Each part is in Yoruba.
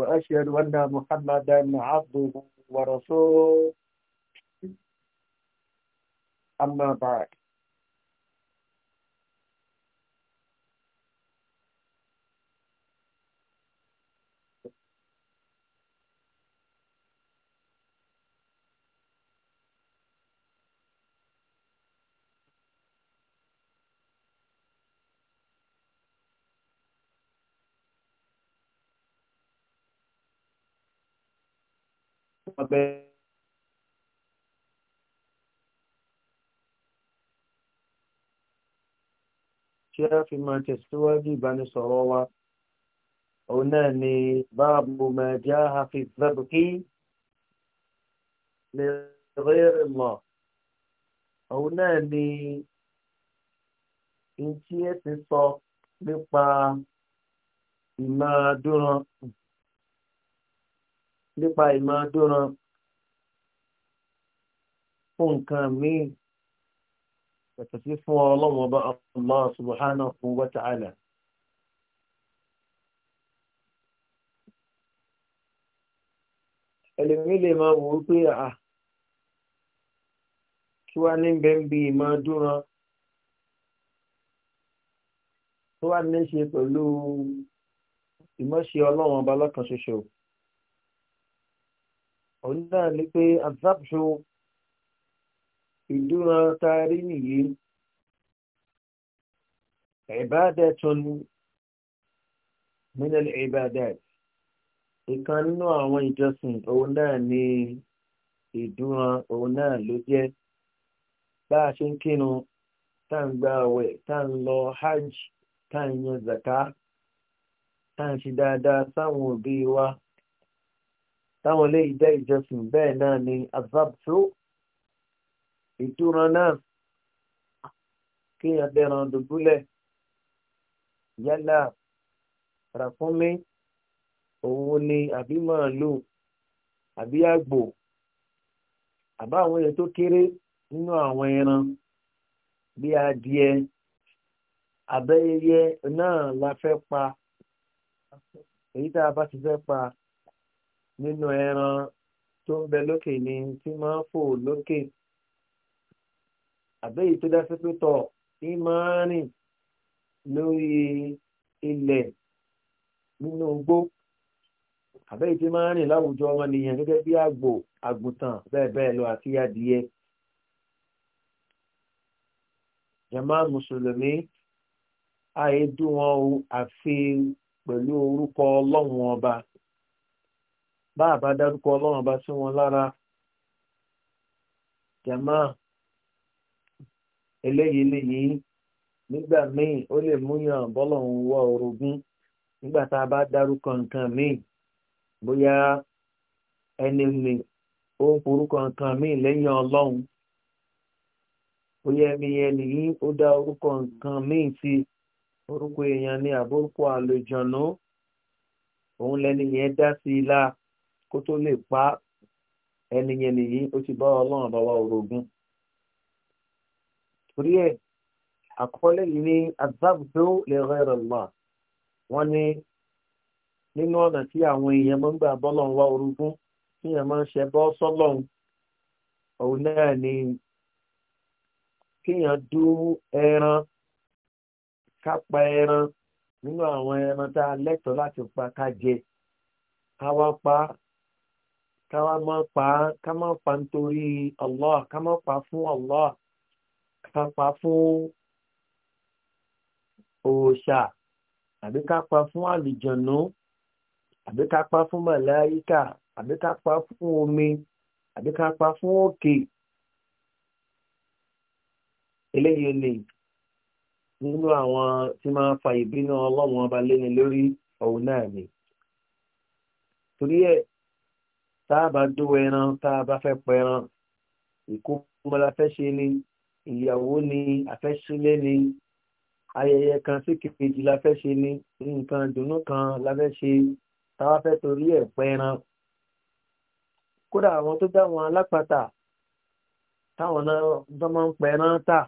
وأشهد أن محمدا عبده ورسوله أما بعد ọbẹ̀ tí a fi máa tẹ̀síwájú ìbánisọ̀rọ̀ wa òun náà ni báàbù máa jẹ́ àfi zẹ́bùkí lè rí ìmọ̀ òun náà ni ìtí ẹ ti sọ nípa ìmọ̀ dúró nípa ìmọ̀ dúran fún nǹkan míì yàtọ̀ sí fún ọlọ́run ọba Allah subhanahu wa ta'ala. ẹlẹ́mí lè máa wò ó pé à kí wá ní bẹ́ẹ̀ bí ìmọ̀ dúran tó wá ní ṣe pẹ̀lú ìmọ̀ṣe ọlọ́run ọba lọ́kan ṣoṣo òun náà ni pé azabṣu ìdúrà taari nìyí ìbádẹ́tun minal ibadat ìkan nínú àwọn ìjọsìn òun náà ni ìdúrà òun náà ló jẹ́ bá a ṣe ń kínu tá ń gba àwẹ̀ tá ń lọ hajj tá ń yan zaka tá ń ṣe dáadáa sáwọn òbí wa táwọn eléyìí jẹ́ ìjọsìn bẹ́ẹ̀ náà ni azabso ìtura náà kéèyàn dẹran dùbúlẹ̀ yálà ràfúnmi òun ni àbí màálù àbí àgbò àbá àwọn èèyàn tó kéré nínú àwọn ẹran bí adìẹ abẹ́yẹyẹ náà la fẹ́ pa èyí tá a bá ti fẹ́ pa nínú ẹran tó ń bẹ lókè ni tí máa ń fò lókè àbẹ́yìí tó dá sí pé tọ̀ ní máa ń rìn lórí ilẹ̀ nínú igbó àbẹ́yìí tí máa ń rìn láwùjọ ọmọnìyàn gẹ́gẹ́ bí àgbò àgùntàn bẹ́ẹ̀ bẹ́ẹ̀ lọ àti adìyẹ. jama mùsùlùmí àìdùn wọn àfi pẹ̀lú orúkọ ọlọ́run ọba bá àbá dárúkọ ọlọ́run bá sí wọn lára jama eléyìí léyìí nígbà míì ó lè múyàn bọ́lọ̀hún wọ orogún nígbà tá a bá dárúkọ nǹkan míì bóyá ẹni mi ó ń forúkọ nǹkan míì lẹ́yìn ọlọ́run bóyá ẹni ẹni yìí ó dá orúkọ nǹkan míì sí orúkọ èèyàn ní àbórúkọ àlòjọ̀nú òun lẹni yẹn dá sí i láà kó tó lè pa ẹni nìyí ó ti bá ọlọ́run bá wa orogún torí ẹ̀ àkọọ́lẹ̀ yìí ní azabdo lè rẹ̀rẹ̀ lọ wọ́n ní nínú ọ̀nà tí àwọn èèyàn máa ń gbà bọ́lọ́run wá orogún tí èèyàn máa ń ṣe bọ́ sọ́lọ́run òun náà ni kéèyàn dú ẹran ká pa ẹran nínú àwọn ẹran tá a lẹ́tọ̀ọ́ láti pa ká jẹ ká wá pa ká wá má pa ká má pa nítorí Allah ká má pa fún Allah ká pa fún òòṣà àbí ká pa fún àlùjọ̀nù àbí ká pa fún màláyíkà àbí ká pa fún omi àbí ká pa fún òkè eléyìí lè nínú àwọn tí máa fa ìbínú ọlọ́run ọba léni lórí òun náà ni torí ẹ̀ tá a bá dó ẹran tá a bá fẹ́ pẹran ìkómọ la fẹ́ ṣe ni ìyàwó ni àfẹ́sílẹ̀ ni ayẹyẹ kan sí kejì la fẹ́ ṣe ni nǹkan dùnnú kan la fẹ́ ṣe táwa fẹ́ torí ẹ̀ pẹran kódà àwọn tó dá wọn alápatà táwọn náà tó máa ń pẹran tà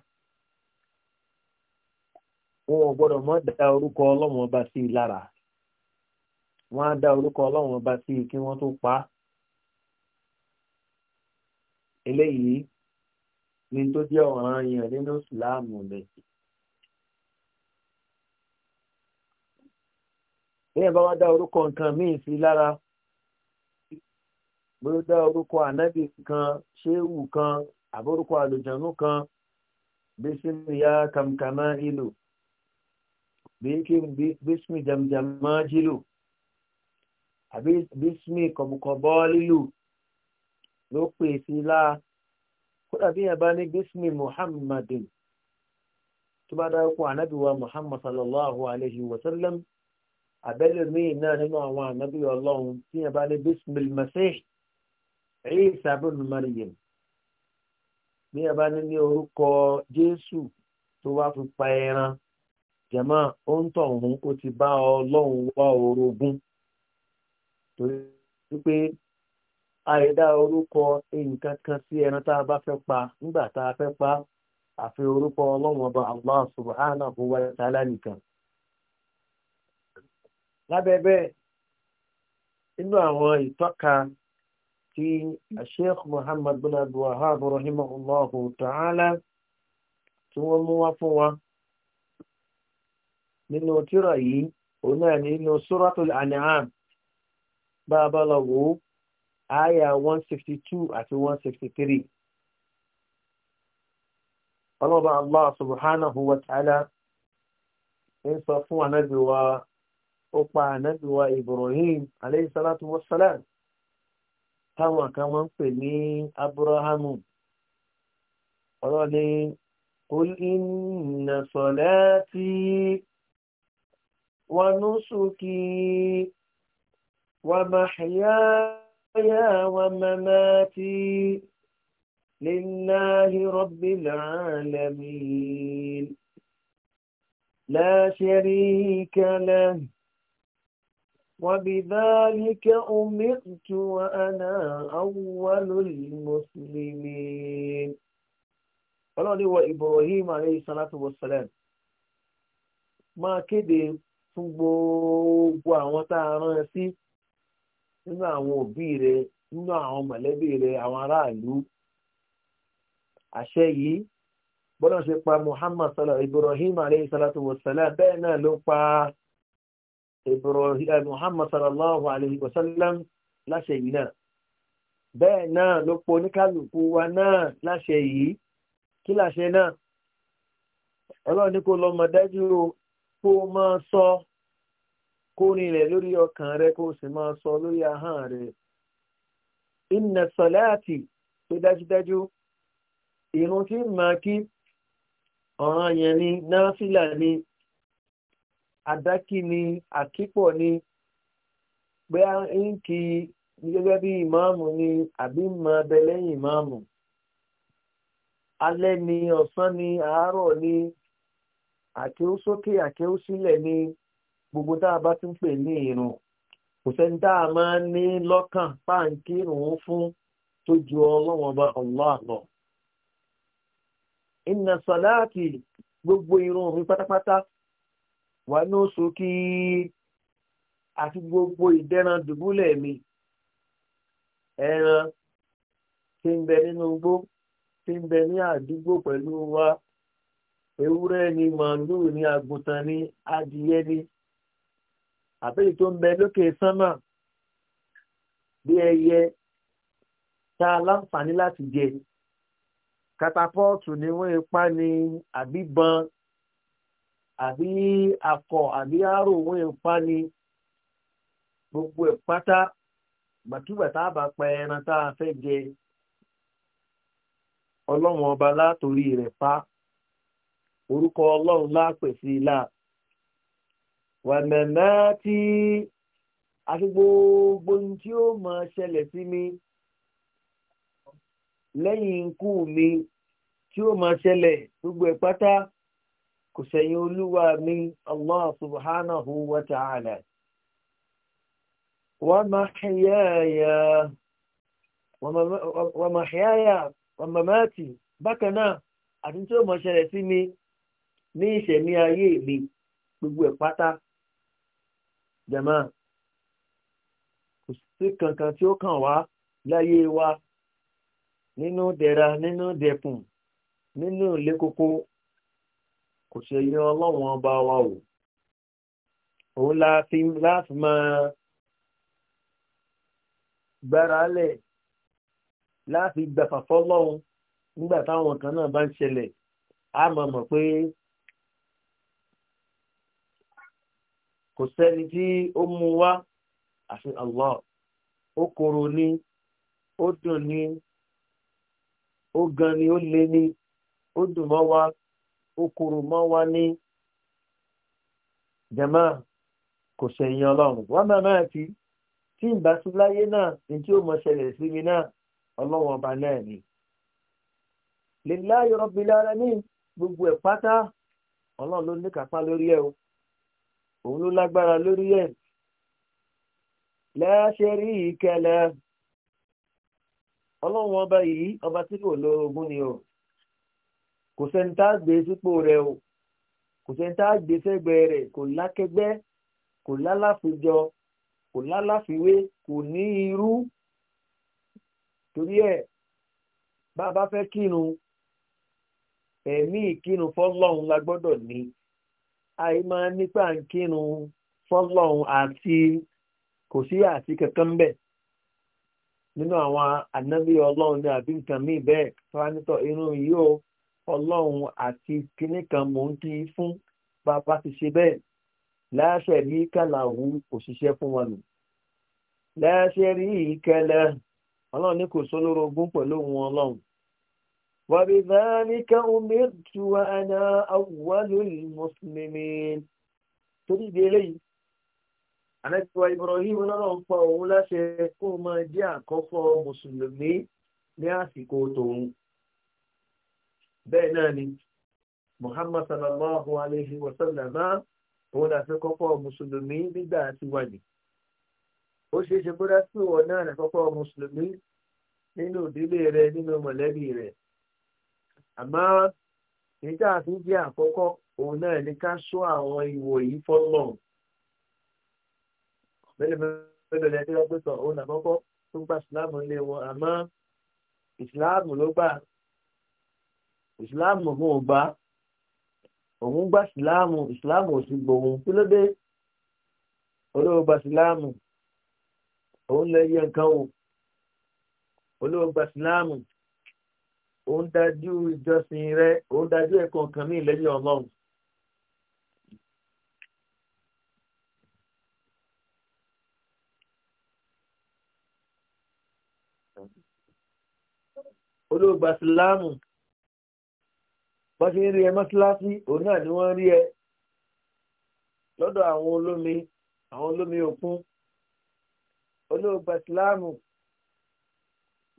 wọn ò gbọ́dọ̀ mọ́ da orúkọ ọlọ́wọ́n bá sí i lára wọn á da orúkọ ọlọ́wọ́n bá sí i kí wọ́n tó pa á eléyìí ní tó jẹ́ ọ̀ràn yẹn nínú ìsìláàmù rẹ̀. Bẹ́ẹ̀ bá wá dá orúkọ nǹkan míì sí lára. Bí ó dá orúkọ ànábì kan, ṣéwù kan, àbórúkọ àlùjànnú kan, bísímìyá kàmkàmá ìlú, bísímì jàmjàmá jìlù, àbí bísímì kọ̀bùkọ̀bọ́ lílù ló pè sí láà kódà bí ẹ bá ní bísmì muhammadin tó bá dárúkọ ànábìwá muhammad sallallahu alayhi wa sallam abẹ́lẹ̀ míì náà nínú àwọn ànábì ọlọ́run tí ẹ bá ní bísmì masih Isa ibn Maryam bí ẹ bá ní orúkọ jésù tó wá fi pa ẹran jẹ̀mọ́ ó ń tọ̀ ó ti bá ọlọ́run wá orogún torí pé àìdá orúkọ nǹkan kan sí ẹran tá a bá fẹ́ pa nígbà tá a fẹ́ pa àfi orúkọ ọlọ́run ọba Allah subhanahu wa ta'ala nìkan. lábẹ́ bẹ́ẹ̀ inú àwọn ìtọ́ka tí sheikh muhammad bin abdul wahab rahimahullahu ta'ala tí wọ́n mú wá fún wa nínú tírà yìí òun náà nínú suratul an'am bá a bá lọ wò ó àyà 162 sixty two àti one sixty three ọlọ́ba allah subhanahu wa ta'ala ń sọ fún anabi wa ó pa anabi ibrahim aleyhi salatu táwọn kan máa ń pè ní abrahamu ọlọ́ni قل إن صلاتي ونسكي ومحياي محياي ومماتي لله رب العالمين لا شريك له وبذلك أمرت وأنا أول المسلمين ọlọ́run ní wọ Ibrahim alayhi salatu wassalam máa kéde fún gbogbo àwọn tá a rán sí nínú àwọn òbí rẹ nínú àwọn mọ̀lẹ́bí rẹ àwọn aráàlú àṣẹ yìí bọ́lá ṣe pa Muhammad sallá Ibrahim aleyhi salatu wa sallam bẹ́ẹ̀ náà ló pa eh, Muhammad sallallahu alayhi wa sallam láṣẹ yìí náà bẹ́ẹ̀ náà ló po oníkálukú wa náà láṣẹ yìí kí láṣẹ náà ọlọ́run ní kó lọ́mọ kó máa sọ. So, kó ní rẹ̀ lórí ọkàn rẹ̀ kó sì máa sọ lórí ahọ́n rẹ̀. inna salati tó dájúdájú ìrun tí máa kí ọ̀ràn yẹn ni náfìlà ni àdákì ni àkípọ̀ ni pé à ń kí gẹ́gẹ́ bí ìmáàmù ni àbí máa bẹ lẹ́yìn ìmáàmù. alẹ́ ni ọ̀sán ni àárọ̀ ni sókè gbogbo tá a bá tún pè ní irun kò sẹ́ni tá a máa ní lọ́kàn páǹkì irun fún tó ju ọlọ́wọ́n ọba Allah lọ. inna salati gbogbo irun mi pátápátá wà ní oṣù kí àti gbogbo ìdẹ́ran dùbúlẹ̀ mi ẹran tí ń bẹ nínú igbó tí ń bẹ ní àdúgbò pẹ̀lú wa ewúrẹ́ ni màálù ni àgùntàn ni adìyẹ ni àbẹ́yì tó ń bẹ lókè sánmà bí ẹyẹ tá a láǹfààní láti jẹ katapọ́ọ̀tù ni wọ́n ipá ni àbíbọn àbí akọ̀ àbí arò wọ́n ipá ni gbogbo ẹ̀ pátá gbàtúgbà tá a bá pa ẹran tá a fẹ́ jẹ ọlọ́run ọba látòrí rẹ̀ pa orúkọ ọlọ́run lápèsè láà wàmẹ̀mẹ́ tí àti gbogbo ohun tí ó máa ṣẹlẹ̀ sí mi lẹ́yìn ikú mi tí ó máa ṣẹlẹ̀ gbogbo ẹ̀ pátá kò sẹ́yìn olúwa mi allah subhanahu wa ta'ala wa mahyaya wa mahyaya wa mamati bákan náà àti tí ó máa ṣẹlẹ̀ sí mi ní ìṣẹ̀mí ayé mi gbogbo ẹ̀ pátá jẹ̀mọ́ kò sí kankan tí ó kàn wá láyé wa nínú dẹ̀ra nínú dẹ̀kùn nínú ilé kókó kò ṣe yan ọlọ́wọ́n ọba wa o òun láti máa gbára lẹ̀ láti gbàfàfọ́ lọ́hùn nígbà táwọn kan náà bá ń ṣẹlẹ̀ a mọ̀ mọ̀ pé kò sẹ́ni tí ó mú wá àfi Allah ó korò ní ó dùn ní ó gan ni ó le ní ó dùn mọ́ wa ó korò mọ́ wa ní jama kò sẹ́yìn ọlọ́run wọ́n máa máa fi tí ń bá sí láyé náà ní tí ó mọ ṣẹlẹ̀ sí mi náà ọlọ́run ọba náà ni. lillahi rabbil alamin gbogbo ẹ̀ pátá ọlọ́run ló ní kápá lórí ẹ̀ o òun ló lágbára lórí ẹ̀ lẹ́ṣẹ́ rí ìkẹlẹ̀ ọlọ́run ọba yìí ọba tí kò lo ogún ni o kò sẹ́ni tá a gbé sípò rẹ̀ o kò sẹ́ni tá a gbé sẹ́gbẹ̀ẹ́ rẹ̀ kò lákẹgbẹ́ kò lálàfíjọ kò lálàfíwé kò ní irú torí ẹ̀ bá a bá fẹ́ kírun ẹ̀mí ìkírun fọ́lọ́run la gbọ́dọ̀ ní àì máa nípa ń kírun fọ́lọ́hún àti kò sí àti kankan bẹ̀ nínú àwọn ànábì ọlọ́run ní àbí nǹkan míì bẹ́ẹ̀ fáńtọ̀ inú yìí ó ọlọ́run àti kinní kan mò ń kí fún bàbá ti ṣe bẹ́ẹ̀ láṣẹ rí kàlàhù kò ṣiṣẹ́ fún wọn nù láṣẹ rí ìkẹlẹ ọlọ́run ní kò sólórogún pẹ̀lú òun ọlọ́run وبذلك أمرت وأنا أول المسلمين تريد لي أنا إبراهيم أنا فأولا شيخوما جاء كفر مسلمي لأسكو تون بيناني محمد صلى الله عليه وسلم هنا في كفر مسلمي بدأت وجه ó ṣeé ṣe kó dá sí ìwọ náà ní kọ́kọ́ mùsùlùmí nínú ìdílé rẹ nínú mọ̀lẹ́bí rẹ̀ àmọ́ èyí tá a fi jẹ́ àkọ́kọ́ òun náà ni ká sọ àwọn ìwò yìí fọ́lọ̀ bẹ́ẹ̀ bẹ́ẹ̀ lẹ́yìn tí wọ́n pè sọ òun àkọ́kọ́ tó gba ìsìláàmù lé wọn àmọ́ ìsìláàmù ló gbà ìsìláàmù òun ò gbà òun gba ìsìláàmù ìsìláàmù ò sì kí ló dé olówó gba ìsìláàmù òun lè yẹ nǹkan wò olówó gba ìsìláàmù ó ń dájú ìjọsìn rẹ ó ń dájú ẹ̀kọ́ kan ní ìlẹ́yìn ọlọ́run. olóògbà síláàmù bọ́n ṣe ń rí ẹ mọ́síláṣí òun náà ni wọ́n rí ẹ lọ́dọ̀ àwọn olómi àwọn olómi òkun olóògbà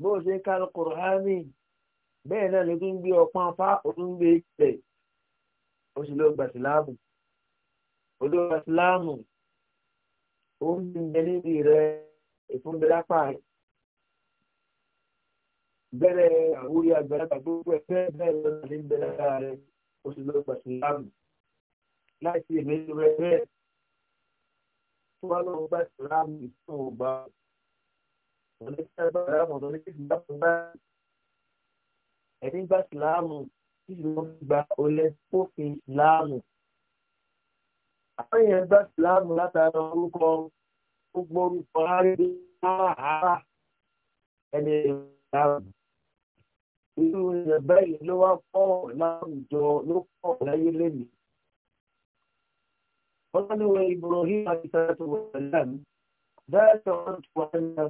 bó ṣe ń bẹ́ẹ̀ náà ni tún gbé ọpọ́n afá o tún gbé ilẹ̀ o sì lọ gbà síláàmù o lọ gbà síláàmù o ń bẹ níbi rẹ ìfúnbẹ lápá rẹ bẹ́ẹ̀ àwúrí àgbàlagbà gbogbo ẹ̀ bẹ́ẹ̀ bẹ́ẹ̀ lọ sí ń bẹ lápá rẹ o sì lọ gbà síláàmù láìsí ìmẹ́lú rẹ bẹ́ẹ̀ tó wá lọ gbà síláàmù ìfún ọba oníṣẹ́ bá rà mọ̀ lórí ìgbà tó bá rà ẹni gba ìsìláàmù tí ìsìláàmù gba olè fòfin ìsìláàmù. àwọn èèyàn gba ìsìláàmù látara orúkọ gbogbo orúkọ arábí àhárà ẹni ìsìláàmù. irú ìyẹn báyìí ló wá pọ̀ láwùjọ ló pọ̀ láyé lẹ́nu. wọ́n ní wọ Ibrahim àti sàrẹ́tù wọ̀nyẹn bẹ́ẹ̀ tó ń tu wọn náà.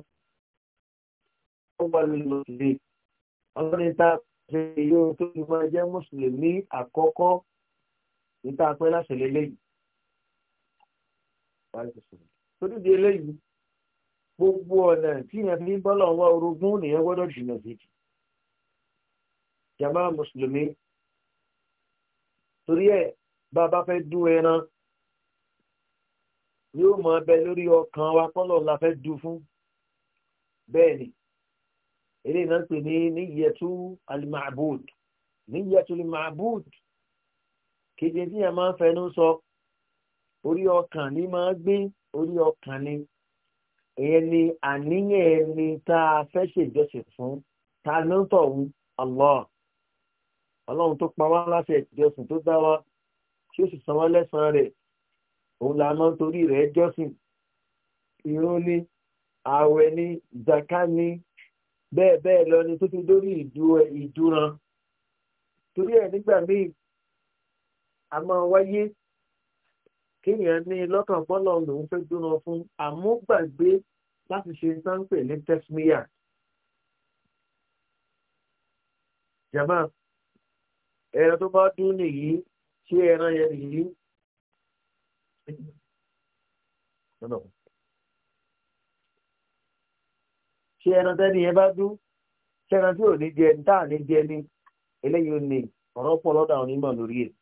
هو المسلم أمر ṣe iye ohun tó fi máa jẹ́ mùsùlùmí àkọ́kọ́ níta pẹ́ láṣẹ lélẹ́yìí. torí di eléyìí gbogbo ọ̀nà tí yẹn fi ń bọ́lọ̀ wá orogún nìyẹn gbọ́dọ̀ jìnnà sí i. jama mùsùlùmí torí ẹ̀ bá a bá fẹ́ dún ẹran yóò mọ ọbẹ̀ lórí ọkàn wa kọ́lọ̀ la fẹ́ dún fún bẹ́ẹ̀ ni eléyìí náà ń pè ní níyẹtú alimaabud níyẹtú alimaabud kéde tí yẹn máa ń fẹnu sọ orí ọkàn ni máa gbé orí ọkàn ni ìyẹn ni àníyàn ẹni tá a fẹ́ ṣèjọsìn fún ta ló ń tọ̀hún Allah ọlọ́run tó pa wá láṣẹ ìjọsìn tó dá wa tí ó sì san wá lẹ́sàn-án rẹ̀ òun là máa ń torí rẹ̀ jọ́sìn ìrun ni ààwẹ̀ ni zaka ni bẹ́ẹ̀ bẹ́ẹ̀ lọ ni tó ti dórí ìdúran torí ẹ̀ nígbà míì a máa wáyé kéèyàn ní lọ́kàn bọ́lọ̀ lòún fẹ́ dúná fún àmúgbàgbé láti ṣe sáńpẹ̀ ní tẹ́símíyà. jama ẹran tó bá dún nìyí ṣé ẹran yẹn nìyí. No, no. ṣé ẹran tẹ́ni yẹn bá dún ṣé ẹran tí ò ní jẹ níta ní jẹ ní eléyìí ọ̀rọ̀ pọ̀ onímọ̀ lórí ẹ̀.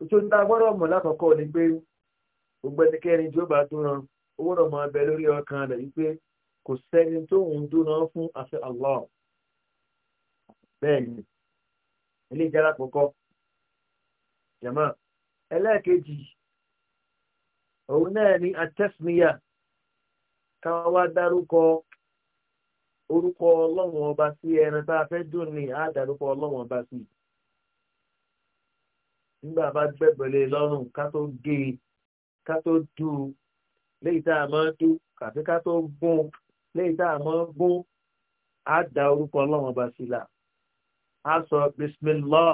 oṣù tá a gbọ́dọ̀ mọ̀ lákọ̀ọ́kọ́ ni pé gbogbo ẹnikẹ́ni tí ó bá ran ó gbọ́dọ̀ mọ abẹ lórí ọkàn rẹ̀ wípé kò sẹ́ni tó ń Allah orúkọ ọlọ́run ọba sí ẹran tá a fẹ́ dùn ní àdàrúkọ ọlọ́run ọba sí nígbà bá gbẹ̀bẹ̀lẹ̀ lọ́rùn ká tó gé e ká tó dùn ún léyìí tá a máa dùn kàfi ká tó gún un léyìí tá a máa gún un á da orúkọ ọlọ́run ọba sí la á sọ bismillah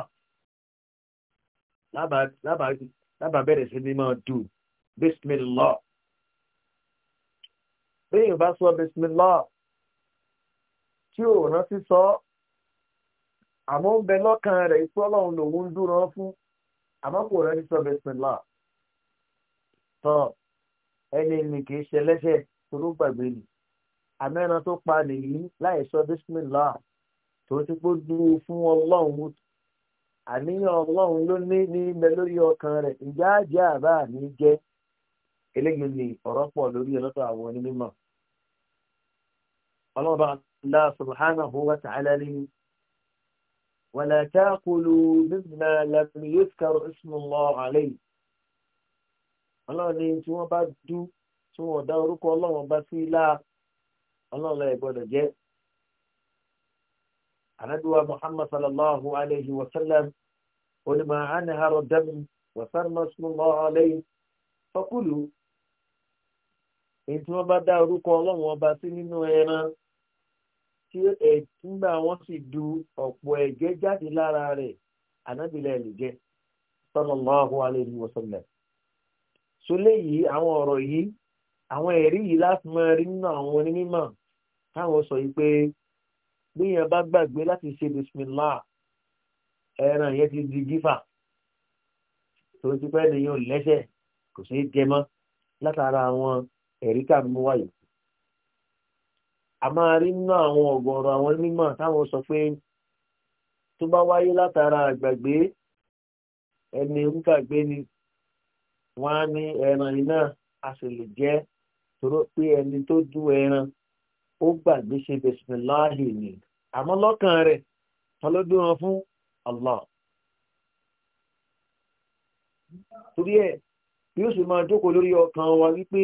lábàá bẹ̀rẹ̀ sí ni máa dùn bismillah bẹ́ẹ̀ bá sọ bismillah. tí ò rántí sọ àmọ́ ń bẹ lọ́kàn rẹ̀ ikú ọlọ́run lòun ń dúró fún àmọ́ kò rántí sọ bẹ́sìmìlá tọ́ ẹni ní kì í ṣe lẹ́sẹ̀ toró gbàgbé ni àmẹ́ran tó pa nìyí láì sọ bẹ́sìmìlá tó ti kó dúró fún ọlọ́run àníyàn ọlọ́run ló ní ní lórí ọkàn rẹ̀ الله سبحانه وتعالى ولا تأكلوا مما لم يذكر اسم الله عليه ọlọ́run ní tí wọ́n bá dú tí wọ́n dá orúkọ ọlọ́run bá sí ilá ọlọ́run lọ́yẹ̀ gbọ́dọ̀ jẹ́ anaduwa muhammad sallallahu alayhi wa sallam onímọ̀ anaharo dami wasalmasulah alayhi fakulu èyí tí wọ́n bá dá orúkọ ọlọ́run ọba sí nínú ẹran tí ẹ̀túngbà wọn sì du ọ̀pọ̀ ẹ̀jẹ̀ jáde lára rẹ̀ ànábìlẹ̀ lè jẹ́ sallallahu alayhi wa sallam. sólé yìí àwọn ọ̀rọ̀ yìí àwọn ẹ̀rí yìí láti máa rí nínú àwọn onímọ̀ táwọn sọ yìí pé bíyàn bá gbàgbé láti ṣe bismillah ẹran yẹn ti di gífà tó ti pẹ́ nìyẹn ò lẹ́sẹ̀ kò sí jẹmọ́ látara àwọn ẹ̀rí kàmú wáyé a máa rí nínú àwọn ọ̀gọ̀ọ̀rọ̀ àwọn mímọ̀ táwọn sọ pé tó bá wáyé látara àgbàgbé ẹni orúkàgbé ni wọ́n á ní ẹran iná a sì lè jẹ́ tóró pé ẹni tó dú ẹran ó gbàgbé ṣe bismillahi ni àmọ́ lọ́kàn rẹ̀ wọn ló dúró fún Allah torí ẹ̀ yóò sì máa jókòó lórí ọkàn wa wípé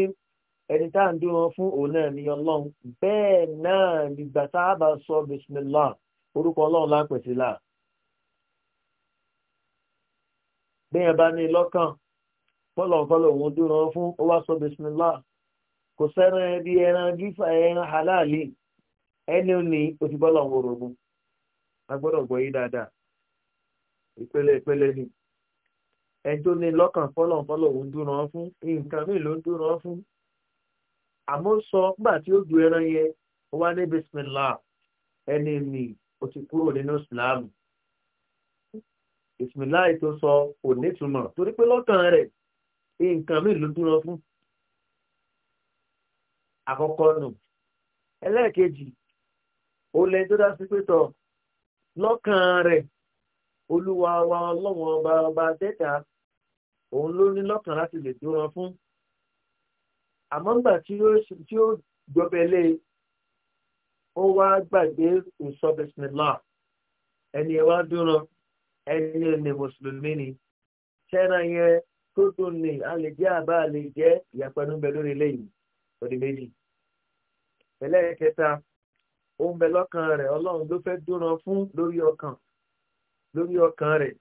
ẹni tá à ń dúró fún òun náà ni ọlọ́run bẹ́ẹ̀ náà nígbà tá a bá sọ bisimilá orúkọ ọlọ́run lápẹ̀sí là. bẹ́ẹ̀ bá ní lọ́kàn òun dúró fún ó wá sọ bisimilá kò sẹ́ran ẹbí ẹran gífà ẹran halali ẹni a ni ní lọ́kàn òun dúró fún nǹkan mi ló ń àmọ́ sọ nígbà tí ó du ẹran yẹn ó wá ní bisimilá ẹni mi ó ti kúrò nínú ìsìláàmù bisimilá ètò sọ kò nítumọ̀ torí pé lọ́kàn rẹ̀ nǹkan mi ló dúró fún àkọ́kọ́ nù ẹlẹ́ẹ̀kejì ó lẹ́yìn tó dá sí pé lọ́kàn rẹ̀ olúwa wa ọlọ́wọ́n ọba ọba tẹ́ta òun ló ní lọ́kàn láti lè dúró fún àmọ́ ńgbà tí ó jọbẹ̀lé ó wá gbàgbé ìsọ bisimilá ẹni ẹ wá dúró ẹni ẹ ní mùsùlùmí ni ṣẹ́ra yẹn tó dùn ní a lè jẹ́ àbá a lè jẹ́ ìyàpẹ̀nu bẹ lórí eléyìí òdì méjì. ẹlẹ́ẹ̀kẹta òun bẹ lọ́kàn rẹ̀ ọlọ́run ló fẹ́ dúró fún lórí ọkàn lórí ọkàn rẹ̀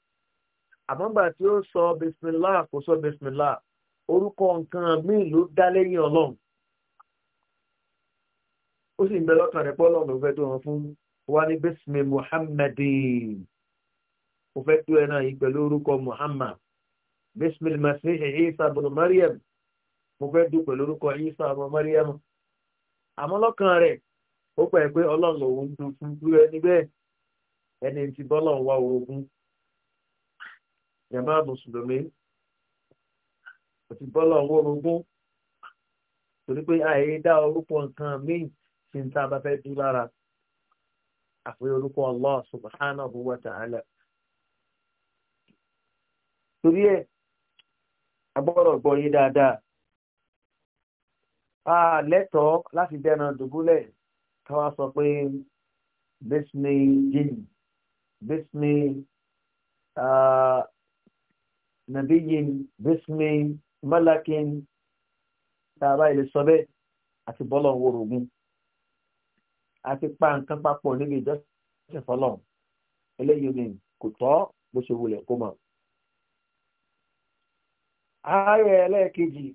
àmọ́ tí ó sọ bisimilá kò sọ bisimilá. orúkọ nǹkan míì ló dá lẹ́yìn ọlọ́run ó sì ń bẹ lọ́kàn rẹ̀ pọ́lọ́ ló fẹ́ tó wọn fún wa ní bísímì muhammadin mo fẹ́ tó ẹ yìí pẹ̀lú orúkọ muhammad bísímì masihi isa mariam mo fẹ́ tó pẹ̀lú orúkọ isa mariam àmọ́ lọ́kàn rẹ̀ ó pẹ̀ pé ọlọ́run fún ẹni bẹ́ẹ̀ ẹni tí bọ́lọ̀ kò ti bọ́ lọ́wọ́ orogún torí pé àyè dá orúkọ nǹkan míì sí ní tá a bá fẹ́ dú lára àfihàn orúkọ Allah subhanahu wa ta'ala torí ẹ̀ agbọ́dọ̀ gbọ́ yé dáadáa a lẹ́tọ̀ọ́ láti dẹ́nà dùbúlẹ̀ káwá sọ pé bísmì jìn bísmì ah, nàbíyìn bísmì malakin tààrà ilé sọ́bẹ̀ àti bọ́lọ̀ worogun àti pa nǹkan papọ̀ níbi ìjọsìn fọlọ́n eléyìí ni kò tọ́ bó ṣe wulẹ̀ kó mọ̀. ààrẹ ẹlẹ́ẹ̀kejì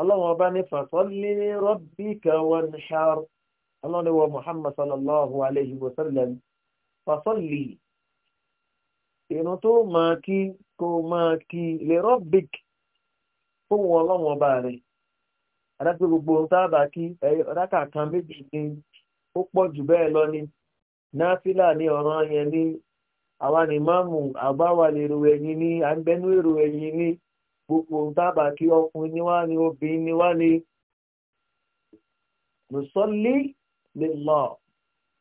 ọlọ́run ọba ní fàṣọ́lì rọ́bì kẹwọn ṣáàr ọlọ́niwọ̀ muhammad sallallahu alayhi wa sallam fàṣọ́lì irun tó máa kí kó máa kí lèrò big fóun ọlọ́wọ́n ọba rẹ̀ adájọ́ gbogbo ohun kan méjì ni ó pọ̀ jù bẹ́ẹ̀ lọ ni náfìlà ní ọ̀ràn yẹn ní àwa ní máàmù ẹ̀yìn gbogbo ohun kí ọkùnrin ni wá ní ni wá lè lọ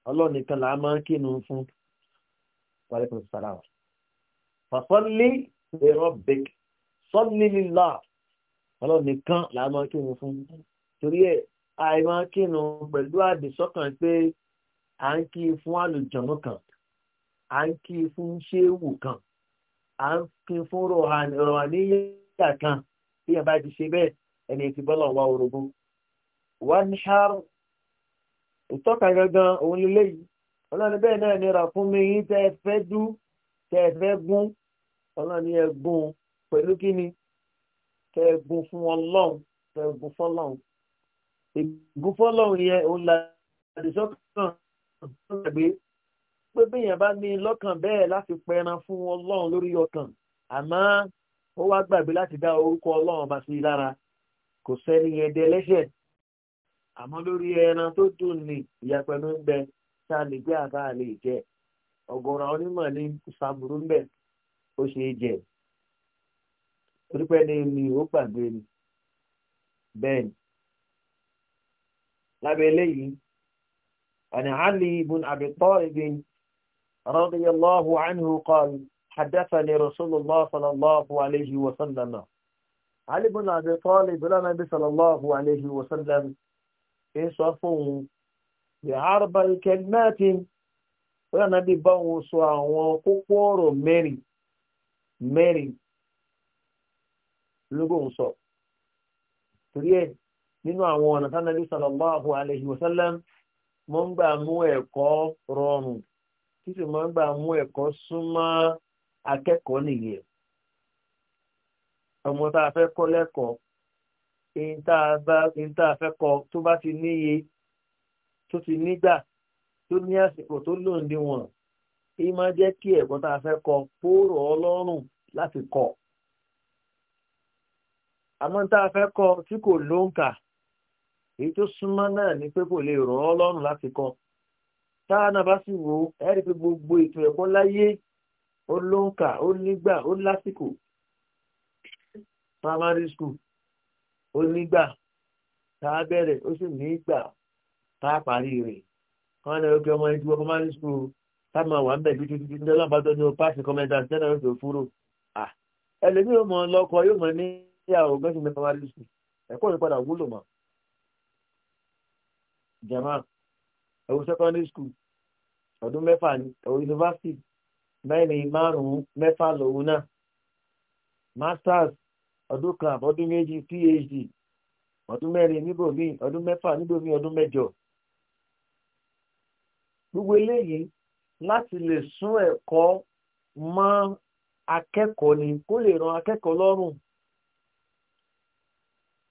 ọlọ́nìkan máa fàṣọ́lì ẹ̀rọ bẹ̀k sọ́lì lílà ọlọ́run nìkan là á máa kírun fún torí ẹ̀ àìmọ́ kírun pẹ̀lú àdìsọ́kàn pé à ń kí fún àlùjọ̀mọ́ kan à ń kí fún ṣéwù kan à ń kí fún rọ̀hàníyà kan bí ẹ bá ti ṣe bẹ́ẹ̀ ẹni tí bọ́lá wà orogún. wọ́n ń ṣàrò ìtọ́ka gangan òun lélẹ́yìí ọlọ́run bẹ́ẹ̀ náà nira fún mi yín tẹ́ fẹ́ dú tẹ́ fẹ́ gún ọlọ́run ní ẹ̀gbọ́n pẹ̀lú kíni kẹ ẹ̀gbọ́n fún ọlọ́run kẹ ẹ̀gbọ́n fọlọ́run ẹ̀gbọ́n fọlọ́run yẹn òun la àdìsọ́kàn gbàgbé pé bẹ́yẹn bá ní lọ́kàn bẹ́ẹ̀ láti pẹran fún ọlọ́run lórí ọkàn àmọ́ ó wá gbàgbé láti dá orúkọ ọlọ́run bá sí i lára kò sẹ́ni yẹn dẹ lẹ́sẹ̀ àmọ́ lórí ẹran tó dùn ní ìyàpẹ̀lú ń bẹ tá a lè gbé àbá a lè jẹ ọ̀gọ̀rọ̀ onímọ̀ ní sàbùrù ń bẹ ó ṣe jẹ orúkọ ẹni ni ó pàgbé ni bẹẹ ni lábẹ eléyìí ọ̀nà àlì ibùn àbìtọ́ ìgbé rọ́dí yọlọ́hù ànihù kọlu hadafa ni rasulullah sallallahu alayhi wa sallam ali ibn abi talib ibn sallallahu alayhi wa sallam in so fun bi arba'a kalimat wa nabi ba'u so awon kokoro merin mẹ́rin lógún sọ torí ẹ̀ nínú àwọn ọ̀nà tánàlú sallallahu alaihi wasallam mọ́ ń gbà mú ẹ̀kọ́ rọrùn tí sì mọ́ ń gbà mú ẹ̀kọ́ súnmọ́ akẹ́kọ̀ọ́ nìyẹn ọmọ tá a fẹ́ kọ́ lẹ́kọ̀ọ́ èyí tá a fẹ́ kọ́ tó bá ti níye tó ti nígbà tó ní àsìkò tó lòǹdí wọn èyí jẹ́ kí ẹ̀kọ́ tá a fẹ́ kọ́ kó rọ̀ ọ́ lọ́rùn láti kọ àmọ́ tá a fẹ́ kọ́ tí kò lóǹkà èyí tó súnmọ́ náà ni pé kò lè rọ̀ ọ́ láti kọ tá a náà bá sì wò ó ẹ rí i pé gbogbo ètò ẹ̀kọ́ láyé ó lóǹkà ó nígbà ó lásìkò primary school ó nígbà tá a bẹ̀rẹ̀ ó sì nígbà tá a parí rẹ̀ ní primary school wà ń bẹ̀ títí ní Ah, ẹlẹ́mí yóò mọ lọ́kọ yóò mọ ní ìyàwó gẹ́sìn primary school ẹ̀kọ́ yìí padà wúlò mọ́ jama ẹ̀wọ̀n secondary school ọdún mẹ́fà ni ẹ̀wọ̀n university mẹ́rin márùn-ún mẹ́fà lòun náà masters ọdún kan ọdún méjì phd ọdún mẹ́rin níbò míì ọdún mẹ́fà níbò míì ọdún mẹ́jọ gbogbo eléyìí láti lè sún ẹ̀kọ́ mọ́ akẹ́kọ̀ọ́ ni kó lè ran akẹ́kọ̀ọ́ lọ́rùn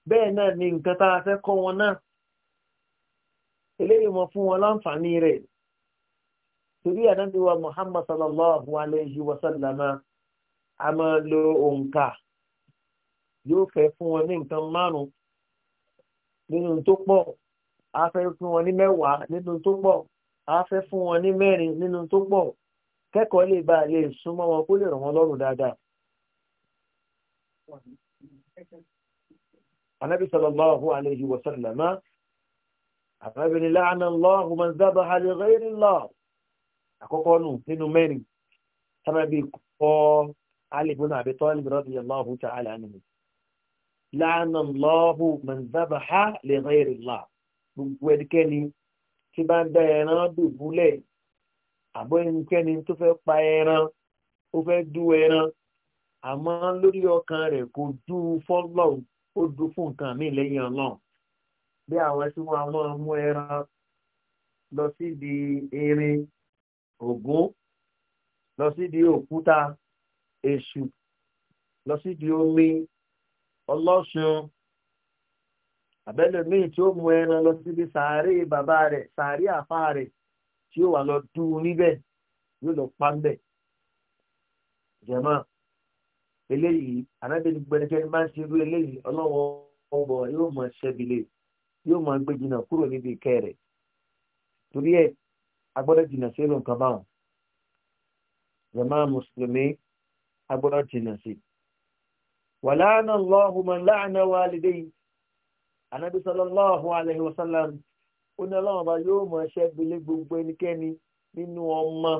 bẹ́ẹ̀ náà ni nǹkan tá a fẹ́ kọ́ wọn náà eléyìí mọ fún wọn láǹfààní rẹ̀ torí ànábì Muhammad sallallahu alayhi wa sallama a máa lo òǹkà yóò fẹ́ fún wọn ní nǹkan márùn nínú tó pọ̀ a fẹ́ fún wọn ní mẹ́wàá nínú tó pọ̀ a fẹ́ fún wọn ní mẹ́rin nínú tó pọ̀ kẹ́kọ̀ọ́ lè bá lè súnmọ́ wọn kó lè ràn wọ́n lọ́rùn dáadáa. Anábì sallallahu alayhi wa sallama, àbábìnrin la'ana Allahu man dhabaha li ghayri Allah. Àkọ́kọ́ nù nínú mẹ́rin, sábàbí kọ́ Ali ibn Abi Talib radiyallahu ta'ala anhu. La'ana Allahu man dhabaha li ghayri Allah. Gbogbo ẹnikẹ́ni tí bá ń dá ẹran dùbúlẹ̀ àbọ̀ ẹnikẹ́ni tó fẹ́ pa ẹran ó fẹ́ dú ẹran àmọ́ lórí ọkàn rẹ̀ kò dú fọ́lọ́ ó dú fún nǹkan míì lẹ́yìn ọlọ́run bí àwọn tí wọ́n máa mú ẹran lọ síbi erin ògún lọ síbi òkúta èṣù lọ síbi omi ọlọ́sùn àbẹ́lẹ̀ míì tí ó mú ẹran lọ síbi sàárè bàbá rẹ̀ sàárè àfá rẹ̀ tí ó wà lọ tú níbẹ̀ yóò lọ pa níbẹ̀ jẹ̀mọ́ eléyìí anábẹ́ni gbẹdẹkẹ́ni máa ń ṣe irú eléyìí ọlọ́wọ́ ọgbọ̀ yóò mọ̀ ṣẹ́bilẹ̀ yóò mọ̀ gbé jìnnà kúrò níbi ìkẹ́ rẹ̀ torí ẹ̀ agbọ́dọ̀ jìnnà sí irú nǹkan báwọn jẹ̀mọ́ mùsùlùmí agbọ́dọ̀ jìnnà sí. wàlánà lọ́hùn mọ̀ láàánà wàlídẹ́yìn anábì sallallahu alaihi wasallam ó ní ọlọ́run ọba yóò mọ ṣẹ́gbélé gbogbo ẹnikẹ́ni nínú ọmọ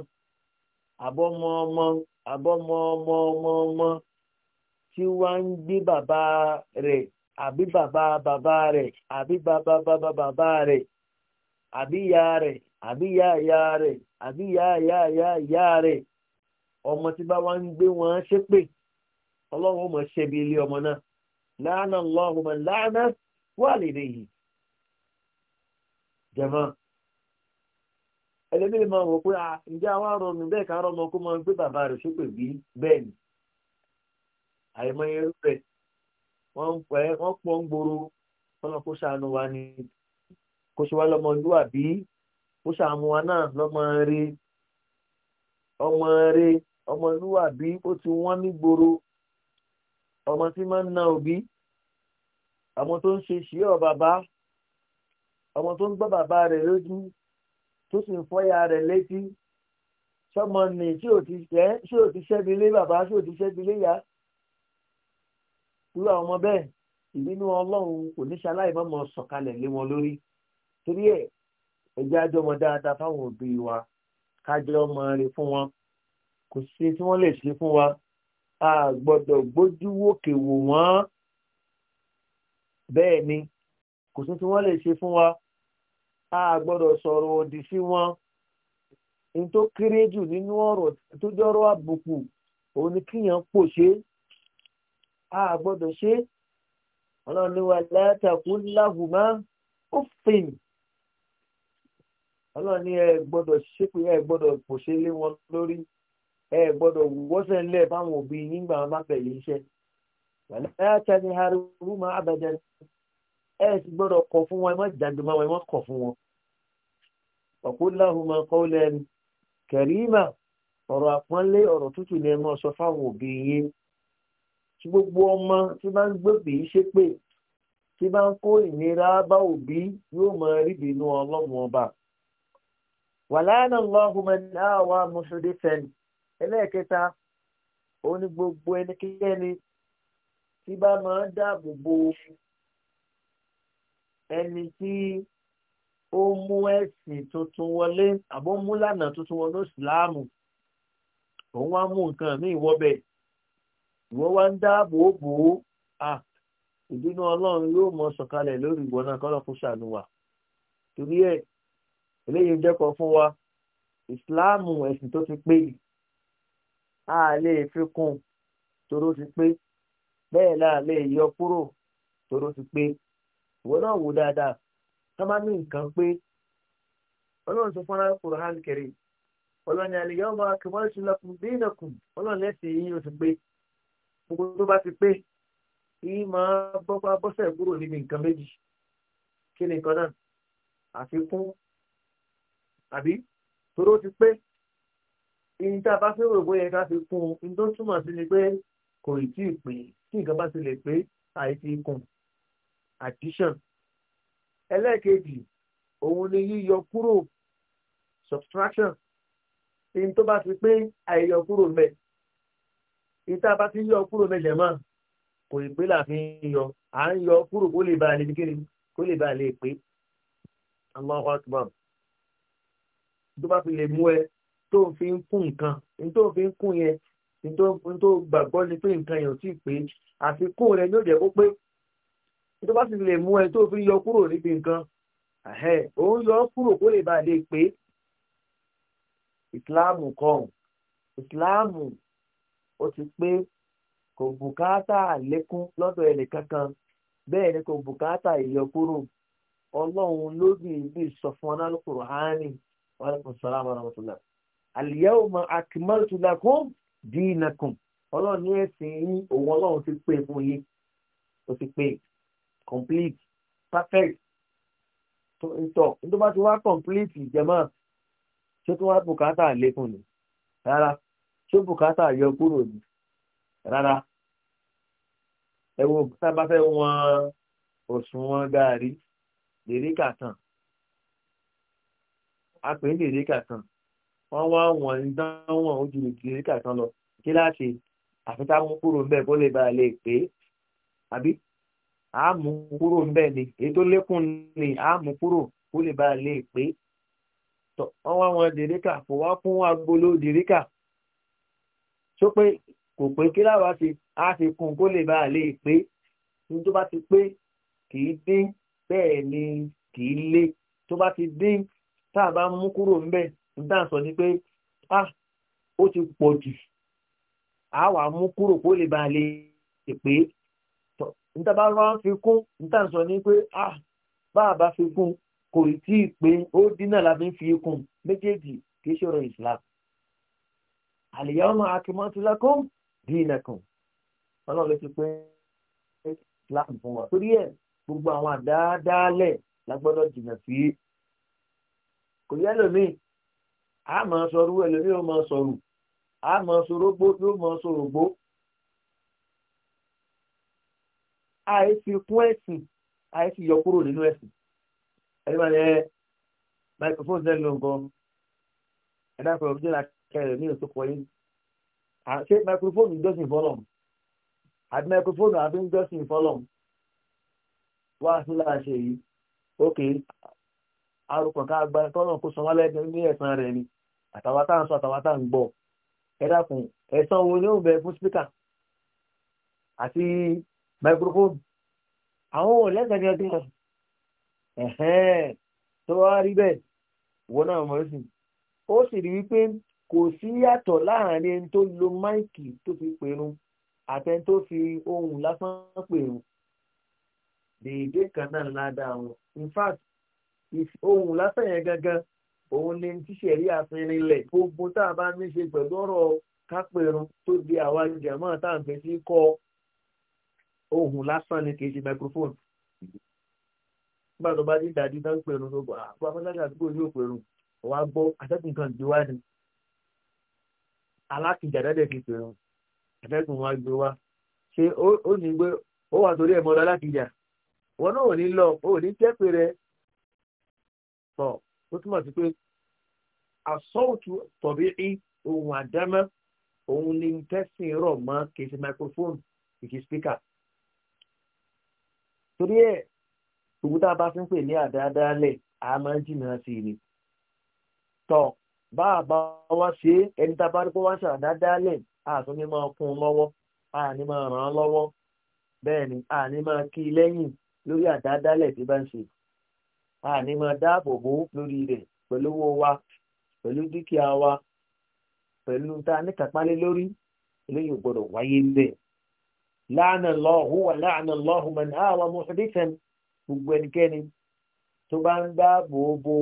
àbọ̀mọ ọmọ àbọ̀mọ ọmọ ọmọ ọmọ tí wọ́n ń gbé bàbá rẹ àbí bàbá bàbá rẹ àbí bàbá bàbá bàbá rẹ̀ àbí ìyá rẹ̀ àbí ya ìyá rẹ̀ àbí ya ya ìyá ọmọ tí bá wá ń gbé wọn jẹ̀mọ́ ẹlẹ́mìí máa wò pé ǹjẹ́ àwa rọrùn bẹ́ẹ̀ ká rọmọ kó máa gbé bàbá rẹ̀ ṣépè bí bẹ́ẹ̀ ni àìmọ irú rẹ̀ wọ́n ń gboro, wọn kó ṣàánú wa ni kó ṣe wá lọ́mọ lúwàbí kó ṣàánú wa náà lọ́mọ ọmọ rẹ̀ ọmọ lúwàbí ó ti wọ́n ní ọmọ tí máa ń na òbí àwọn tó ń ṣe ọmọ tó ń gbọ́ bàbá rẹ̀ lójú tó sì ń fọ́yà rẹ̀ létí sọmọ nì tí ò ti ṣẹ́ tí ò ti ṣẹ́bi lé bàbá tí ò ti ṣẹ́bi lé yá irú àwọn ọmọ bẹ́ẹ̀ ìbínú ọlọ́run kò ní ṣaláì má mọ̀ sọ̀kalẹ̀ lé wọn lórí torí ẹ̀ ẹ̀jẹ̀ àjọmọ̀ dáadáa fáwọn òbí wa kájọ ọmọ rẹ fún wọn kò sí tí wọ́n lè ṣe fún wa a gbọ́dọ̀ gbójú wòkè wò wọ́n bẹ́ẹ̀ ni kò sí tí wọ́n lè ṣe fún wa a gbọ́dọ̀ sọ̀rọ̀ òdì sí wọn ní tó kéré jù nínú ọ̀rọ̀ tó jọrọ àbùkù òun ni kíyàn pò ṣe a gbọ́dọ̀ ṣe ọlọ́run ní wa látàkù láhùmá òfin ọlọ́run ní ẹ gbọ́dọ̀ ṣe pé ẹ gbọ́dọ̀ pò ṣe lé wọn lórí ẹ gbọ́dọ̀ wọ́sẹ̀ ńlẹ̀ fáwọn òbí yín gbà wọn bá yín iṣẹ́ wàlẹ́ àtàkì haruma abadan ẹ sì gbọ́dọ̀ kọ̀ fún wọn ẹ má jáde mọ́ wọn ẹ má kọ̀ fún wọn. ọ̀kú láhùn máa kọ́ lẹ́nu kẹ̀rìmà ọ̀rọ̀ àpọ́nlé ọ̀rọ̀ tútù ni ẹ máa sọ fáwọn òbí yín tí gbogbo ọmọ tí bá ń gbèbè ṣépè tí bá ń kó ìnira bá òbí yóò máa rí ìbínú ọlọ́run ọba. wàláàánà lọ́hùn mẹ́ta àwa mùsùlùmí fẹ́ni ẹlẹ́ẹ̀kẹta ó ní gbogbo ẹnikẹ́ni tí bá máa dáàbò bo ẹni tí ó mú ẹ̀sìn tuntun wọlé àbó mú lànà tuntun wọnú ìsìláàmù òun wá mú nǹkan míì wọbẹ̀ ìwọ wá ń dáàbò bò ó à ìbínú ọlọ́run yóò mọ sọ̀kalẹ̀ lórí ìwọ náà kọ́lọ́ fún ṣàánú wa torí ẹ̀ eléyìí dẹ́kọ̀ fún wa ìsìláàmù ẹ̀sìn tó ti pé a lè fi kún toró ti pé bẹ́ẹ̀ náà lè yọ kúrò toró ti pé ìwọ náà wò dáadáa tá bá ní nǹkan pé ọlọ́run sọ fúnra Qur'an Karim ọlọ́run àlè yọ ọmọ akẹ́wọ́n ṣe lọ́kùn bí ìnàkùn ọlọ́run lẹ́sìn yìí ó ti pé gbogbo tó bá ti pé yìí máa bọ́pá bọ́sẹ̀ kúrò níbi nǹkan méjì kí ni nǹkan náà àfikún àbí toró ti pé ìyìn tá a bá fẹ́ rò bóyá ká fi kún un tó túmọ̀ sí ni pé kò ì tí ì pè tí nǹkan bá ti lè pé àìsí kùn addition ẹlẹ́ẹ̀kejì òun ni yíyọ kúrò subtraction ní tó bá ti pé àìyọ kúrò mẹ́ ìta bá ti yọ kúrò mẹ́jẹ̀ mọ́ kò ì pé láàfin yọ à ń yọ kúrò kó lè ba lè ní kíni kó lè ba lè pé Allahu Akbar tó bá fi lè mú ẹ tó fi ń kún nǹkan ní tó fi ń kún yẹn ní tó gbàgbọ́ ni pé nǹkan yẹn ò tí ì pé àfikún rẹ ní ó jẹ́ kó pé tó bá sì lè mú ẹ tó fi yọ kúrò níbi nǹkan òun yọ kúrò kó lè bá a lè pé ìsìláàmù kan ìsìláàmù ó ti pé kò bùkátà lékún lọ́dọ̀ ẹnìkankan bẹ́ẹ̀ ni kò bùkátà ìyọkúrò ọlọ́run ló bí ibi ìsọfún alukoro hání wàlúkùn sàlámù alámọ̀tòlá al-yawma akmaltu lakum dinakum ọlọ́run ní ẹ̀sìn yín òun ọlọ́run ti pé fún yín ó ti pé yìí complete perfect tó ń tọ̀ nítorí bá ti wá complete ìjẹmọ́ ṣé tó wá bùkátà lékún ni rárá ṣé bùkátà yọ kúrò ni rárá ẹ wo sábà fẹ́ wọn òṣùwọ̀n gààrí lèríkà tán a pè é lèríkà tán wọ́n wá wọ̀n ń dán wọ̀n ó ju lèríkà tán lọ kí láti àfikà mú kúrò ń bẹ̀ kó lè bàa lè pé àbí a mú kúrò ń bẹ́ẹ̀ ni èyí tó lékún ni a mú kúrò kó lè bá a lè pé wọ́n wá wọn dèríkà kò wá fún agolo dèríkà tó pé kò pé kí láwa ti a fi kún kó lè bá a lè pé ní tó bá ti pé kì í dín bẹ́ẹ̀ ni kì í lé tó bá ti dín tá a bá mú kúrò ń bẹ́ẹ̀ ní tá sọ ni pé a ó ti pọ̀ jù a wà mú kúrò kó lè bá a lè pé níta bá wá fi kún níta sọ ní pé ah bá a bá fi kún kò tí ì pé ó dínà la fi ń fi kún méjèèjì kì í ṣòro islam àlìyáwó akimọ́tìlákùn dínàkùn ọlọ́run ló ti pé islam fún wa torí ẹ̀ gbogbo àwọn àdáadáalẹ̀ la gbọ́dọ̀ jìnnà sí kò yẹ lómìn a máa sọrú ẹlòmíì ó máa sọrù a sọrógbó yóò máa sọrògbó àìfi kún ẹ̀sìn àìfi yọ kúrò nínú ẹ̀sìn ẹni máa lẹ microphone náà ló ń gan ẹ̀dá pẹ̀lú ọdún náà kẹrẹ̀ ní oṣù pọ̀ yìí ṣé microphone ìjọsìn fọlọ́m àti microphone àbí ìjọsìn fọlọ́m wá sí láàṣẹ yìí Ok. arúgbọ̀n ká gba tọ́lọ̀ kó sanwó lẹ́gbẹ̀ẹ́ ní ẹ̀sán rẹ̀ ni àtàwọn tá à ń sọ àtàwọn tá à ń gbọ́ ẹ̀dá kùn ẹ̀sán wo ni ó bẹ fún spíkà àti microphone àwọn ò lẹ́sẹ̀ ní ọdún náà ẹ̀hẹ́n tó wá rí bẹ́ẹ̀ wọ́n náà mọ̀ sí ó sì rí wípé kò sí yàtọ̀ láàrin ẹni tó lo máìkì tó fi pèrun àtẹni tó fi ohun lásán pèrun dèédé kan náà ládàá wọn in fact ohun lásán yẹn gangan òun ni tíṣẹ̀rí àfihàn ilẹ̀ gbogbo tá a bá ní ṣe pẹ̀lú ọ̀rọ̀ kápẹ̀rún tó di àwa jẹ̀mọ́ tá à ń fẹ́ sí kọ́ ọ ohun lásán ni kìí ṣe microphone nígbà bá dín dàdí náà ń pèrún tó bọ̀ àpò afẹ́lájà ah, àdúgbò yóò pèrún wà gbọ́ atẹ́gùn kan gbé wá ni alákìjà dáadáa ti pèrún atẹ́gùn wa gbé wá ṣé ó ní gbé ó wà torí alákìjà wọn náà ò ní lọ ò ní tọ̀ ó túmọ̀ sí pé àsọ́ọ̀tù tọ̀bí ohun àdámọ́ òun ni tẹ́sìn rọ̀ mọ́ ṣe microphone ṣe speaker. torí ẹ̀ gbogbo tá a bá fi ń pè ní àdáadáalẹ̀ a máa ń jìnnà sí i ni tọ́ bá a bá wá ṣe ẹni tá a bá rí wá ṣe àdáadáalẹ̀ a tún ní máa kún un lọ́wọ́ a ní máa ràn án lọ́wọ́ bẹ́ẹ̀ ni a ní máa kí i lẹ́yìn lórí àdáadáalẹ̀ tí bá ń ṣe a ní máa dáàbò bò lórí rẹ̀ pẹ̀lú owó wa pẹ̀lú dúkìá wa pẹ̀lú tá a ní kápálẹ́ lórí eléyìí ò gbọ́dọ̀ wáyé bẹ́ẹ̀ láàánà lọ́hù wà láàánà lọ́hù mẹ́ni àwọn mùsùlùmí gbogbo ẹnikẹ́ni tó bá ń dáàbò bo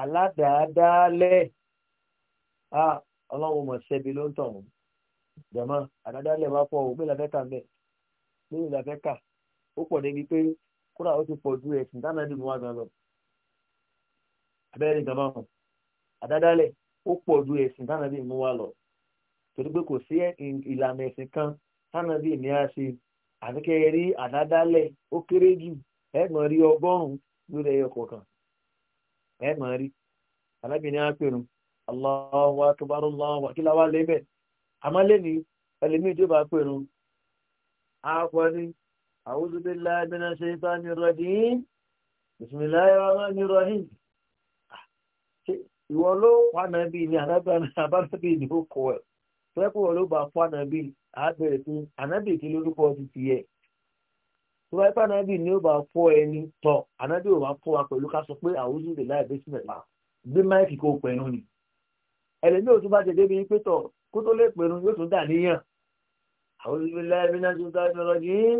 aládàádáálẹ̀ ọlọ́run mọ̀ ṣẹ́bi ló ń tàn wọ́n jẹ̀mọ́ àdádáálẹ̀ wá pọ̀ ògbé làfẹ́kà mẹ́ lórí làfẹ́kà ó pọ̀ débi pé kúrò ti pọ̀ abẹ́rẹ́ àdádálẹ̀ ó pọ̀ ju ẹ̀sìn wa lọ torí pé kò kan tánàbí ni a ṣe àfikẹ́ rí àdádálẹ̀ ó kéré jù ẹ mọ̀ rí ọgọ́rùn-ún lórí ẹyọ kọ̀ọ̀kan ni a pèrún Allahu akbar Allahu lébẹ̀ àmọ́ lẹ́ni ẹlẹ́mí tó bá pèrún àpọ̀ni a'udhu billahi minash shaitanir rajim bismillahir rahmanir rahim ìwọ ló ni àbábàbí ni kọ ẹ̀ á bẹ̀rẹ̀ pé ànábì kí lórúkọ ti ti yẹ tó bá ipá ànábì ni ó bá fọ ẹni tọ ànábì ò bá fọ wa pẹ̀lú ká sọ pé àwùjọ ìdè láì bẹ́sí mẹ́ta gbé máìkì kó pẹ̀lú ni ẹlẹ́ni ò tún bá jẹ̀dẹ́ bíi pé tọ̀ kó tó lè pẹ̀lú yóò tún dà níyàn àwọn ìbílẹ̀ ìbílẹ̀ tó dá ìbílẹ̀ rọ̀jìn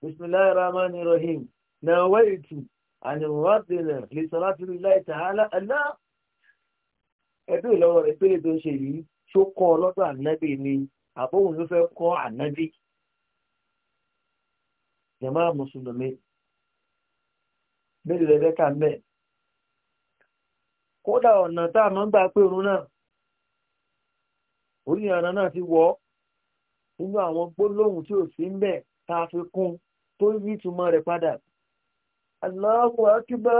bisimilayi rahman rahim na wẹ́ẹ̀tù àníwọ̀dìnà lè sọ láti rí láì tààlà ẹ̀lá ẹ̀dùn ìlọ́wọ́ rẹ̀ pé ètò ìṣèlú tó kọ́ ọ lọ́dọ̀ ni àbóhùn ló fẹ́ kọ́ ànábì jàmá mùsùlùmí méjì ọ̀nà tá a máa ń gbà pé òun náà orí ìrànà náà ti wọ̀ nínú àwọn gbólóhùn tí ò sí ń bẹ̀ tá a fi kún tó yí ìtumọ̀ rẹ̀ padà Allahu akíbá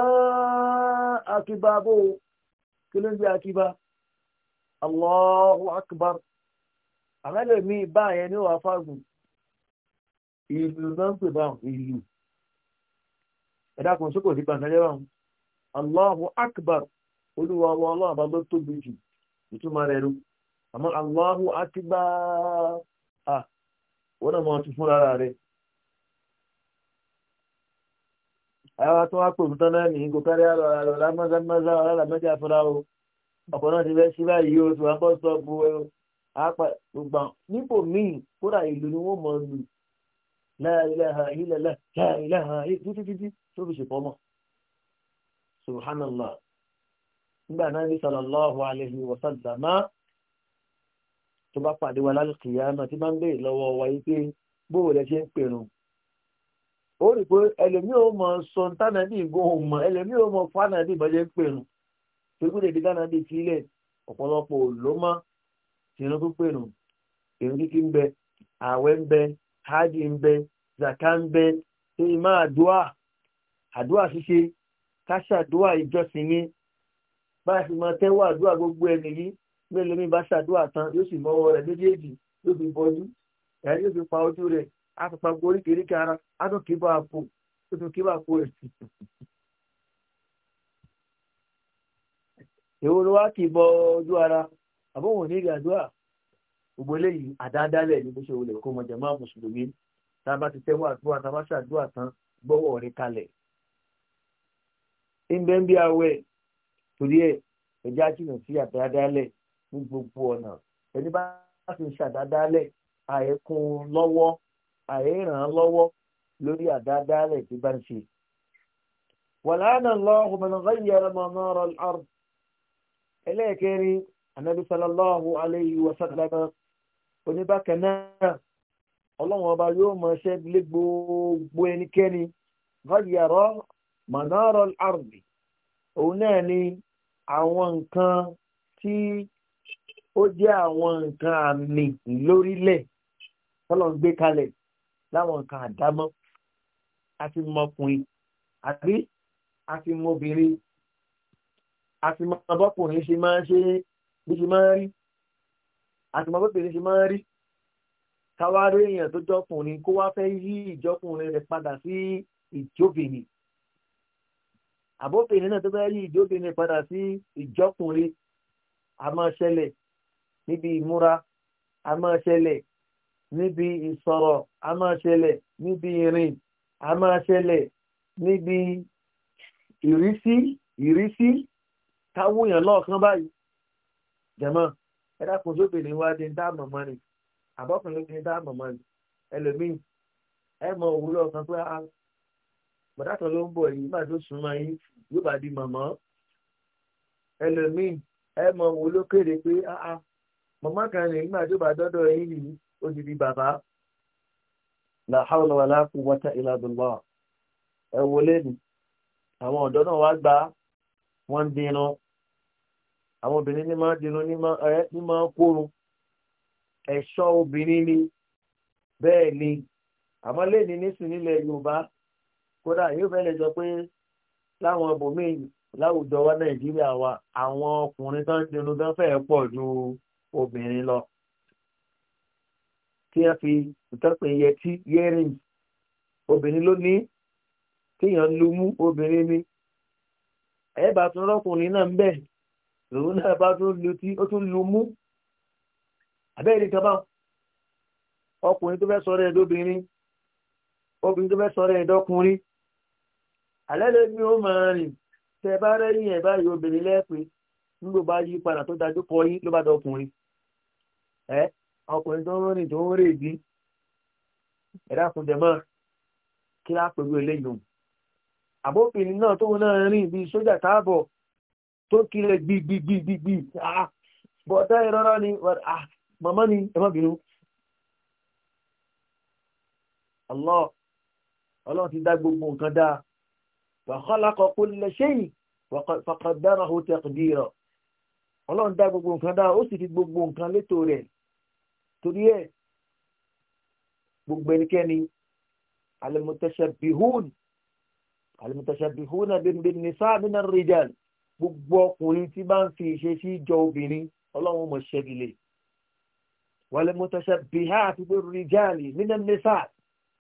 akíbá bó kí ló ń Allahu àwọn ẹlòmíì bá yẹn ní wàá fáàgùn ìlú náà ń pè bá ìlú ẹ̀dá kan sókò sí gbàǹdàlẹ́ wọn Allahu akbar olúwa ọmọ ọlọ́run bá ló tóbi jù ìtumọ̀ rẹ̀ rú àmọ́ Allahu akbar à wọ́n náà mọ̀ ọ́ tún fún rárá rẹ̀. àwa tó wá pè mú tán náà ní kò kárí àrò àrò lámọ́sámọ́sá ọ̀rọ̀ àmọ́jà fúnra o ọ̀pọ̀ náà ti fẹ́ sí báyìí o tó wá bọ́ sọ́ọ̀bù àpá gbogbo níbò míì kódà ìlú ni wọ́n mọ̀ lù láìláha ìlẹ̀lẹ̀ láìláha títí títí tó fi ṣèpọ̀ mọ̀ subhanallah nígbà náà ní tó bá pàdé wa tí máa ń wa pé ṣe ń pèrún ó rí pé ẹlòmíì ò mọ sọńtánàbí ìgbóhùn mọ ẹlòmíì ò mọ fánàbí ìbọn ṣe ń pèrún jere okpukperu eriki mbe awe mbe haji mbe zaka mbe ma aduwa aduwa sise kasa adua ijosini basi ma tewa aduwa gbogbo eni yi melemi basa adua tan yo si mowo re mejeji yo fi boju e yo fi pa oju re apapa gori kiri kara ado apo o tun kiba apo re si ewu ni oju ara àbọ̀wọ̀n ní ìgbàdúrà gbogbo eléyìí àdáadáalẹ̀ ní bó ṣe wọlé kó mọ jàmáà mùsùlùmí tá a bá ti tẹ́wọ́ àdúrà tá a bá ṣàdúrà tán gbọ́wọ́ rẹ kalẹ̀. ìbẹ́ ń bí awẹ́ torí ẹ̀ ẹ̀já jìnnà sí àdáadáalẹ̀ ní gbogbo ọ̀nà ẹni bá ti ń ṣàdáadáalẹ̀ àyẹ̀kùn lọ́wọ́ àyẹ̀ràn lọ́wọ́ lórí àdáadáalẹ̀ tí bá ń ṣe. wàlá anabi sallallahu alayhi wa sallam oníbàkẹ́ náà ọlọ́run ọba yóò mọ ṣẹ́ lé gbogbo ẹnikẹ́ni ghayyara manara al-ardi òun náà ni àwọn nǹkan tí ó jẹ́ àwọn nǹkan àmì lórílẹ̀ tọ́lọ́n gbé kalẹ̀ láwọn nǹkan àdámọ́ a ti mọkùnrin àbí a ti ṣe máa ṣe é bí ṣe máa ń rí àtìmọ́ pépèrè ṣe máa ń rí káwárí èèyàn tó jọkùnrin kó wá fẹ́ yí ìjọkùnrin rẹ̀ padà sí ìjóbìnrin àbófinrin náà tó fẹ́ yí ìjóbìnrin padà sí ìjọkùnrin a máa ṣẹlẹ̀ níbi ìmúra a máa ṣẹlẹ̀ níbi ìsọ̀rọ̀ a níbi ìrìn a níbi ìrísí ìrísí káwóyàn lọ́ọ̀kan báyìí jẹ̀mọ́ ẹ dákun sóbìnrin wá di dá mọ̀mọ́ ni àbọ̀kùnrin di dá mọ̀mọ́ ni ẹlòmíì ẹ mọ òwúrọ̀ kan pé a ah, bàdá kan ló ń bọ̀ yìí máa tó súnmọ́ yín yóò bá di mọ̀mọ́ ẹlòmíì ẹ mọ òun ló kéde pé a ah, ah, mọ̀mọ́ kan rìn nígbà tó bá dọ́dọ̀ yín yìí ó ti di bàbá la hawla wala quwwata illa billah ẹ wọlé ni àwọn ọ̀dọ́ náà wá gbá wọ́n dín náà àwọn obìnrin ní máa dirun ní máa kórun ẹ̀ṣọ́ obìnrin ni bẹ́ẹ̀ ni àmọ́ lẹ́ni nísìn nílẹ̀ yorùbá kódà yóò fẹ́ lè sọ pé láwọn ibòmíì láwùjọ wa nàìjíríà wa àwọn ọkùnrin tó ń dirun tó fẹ́ pọ̀ ju obìnrin lọ tí wọ́n fi ìtọ́pẹ́ yẹtí yẹ́rìn obìnrin ló ní téèyàn lumú obìnrin ni ẹ̀ bá tún rọ́kùnrin náà ń bẹ̀ lòun náà bá tún lu tí ó tún lu mú àbẹ́rẹ́ nìkan bá ọkùnrin tó fẹ́ sọ̀rọ̀ ẹ̀ lóbìnrin obìnrin tó fẹ́ sọ̀rọ̀ ẹ̀ dọ́kùnrin alẹ́ lè ní ó máa rìn tẹ bá rẹ́yìn ẹ̀ báyìí obìnrin lẹ́ẹ̀pẹ́ nígbò bá yí padà tó dájú kọ yín ló bá dọkùnrin ẹ ọkùnrin tó ń rìn tó ń rè bí ẹ̀dá fún jẹ̀mọ́ kí láà pẹ̀lú eléyìí àbófinrin náà tóun náà rìn bíi sójà táàbọ̀ tó ń kiri gbigbigbigbi bọ̀dá ìrọ́rọ́ ni ah, màmá ni ẹ má bínú. ti dá gbogbo nǹkan dáa wa khalaqa kulla shay' fa qaddarahu taqdira Allah dá gbogbo nǹkan dáa ó sì fi gbogbo nǹkan létò rẹ̀ torí ẹ̀ gbogbo ẹnikẹ́ni al-mutashabbihun al-mutashabbihuna bin nisa' min rijal gbogbo ọkùnrin tí bá ń fi ìṣesí jọ obìnrin ọlọ́run mọ̀ ṣẹ́gilẹ̀ wàlẹ̀ mọ̀tọ́ṣẹ́ bìhá àti gbogbo rìjáàlì nínú mẹ́fà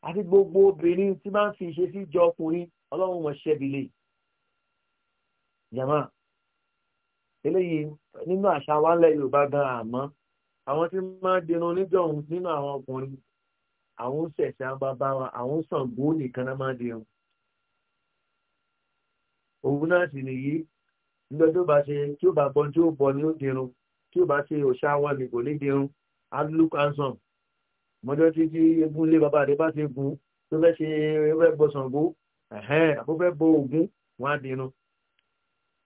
àti gbogbo obìnrin tí bá ń fi ìṣesí jọ ọkùnrin ọlọ́run mọ̀ ṣẹ́gilẹ̀ yàmá eléyìí nínú àṣà wa ńlẹ̀ yorùbá gan àmọ́ àwọn tí máa dirun níjọ̀hún nínú àwọn ọkùnrin àwọn ṣẹ̀ṣẹ̀ àbábá wa àwọn Ṣàngó nìkan náà máa dirun òun náà sì nìyí nígbà tó bá ṣe tí ó bá bọ́ tí ó bọ́ ni ó dirun tí ó bá ṣe òṣà wa ni kò ní dirun adluk ansan mọ́jọ́ tí tí egun lé bàbá rẹ̀ bá ti gun tó fẹ́ ṣe ẹgbẹ́ gbọ̀sàngó àbúfẹ́ bo ògún wọn á dirun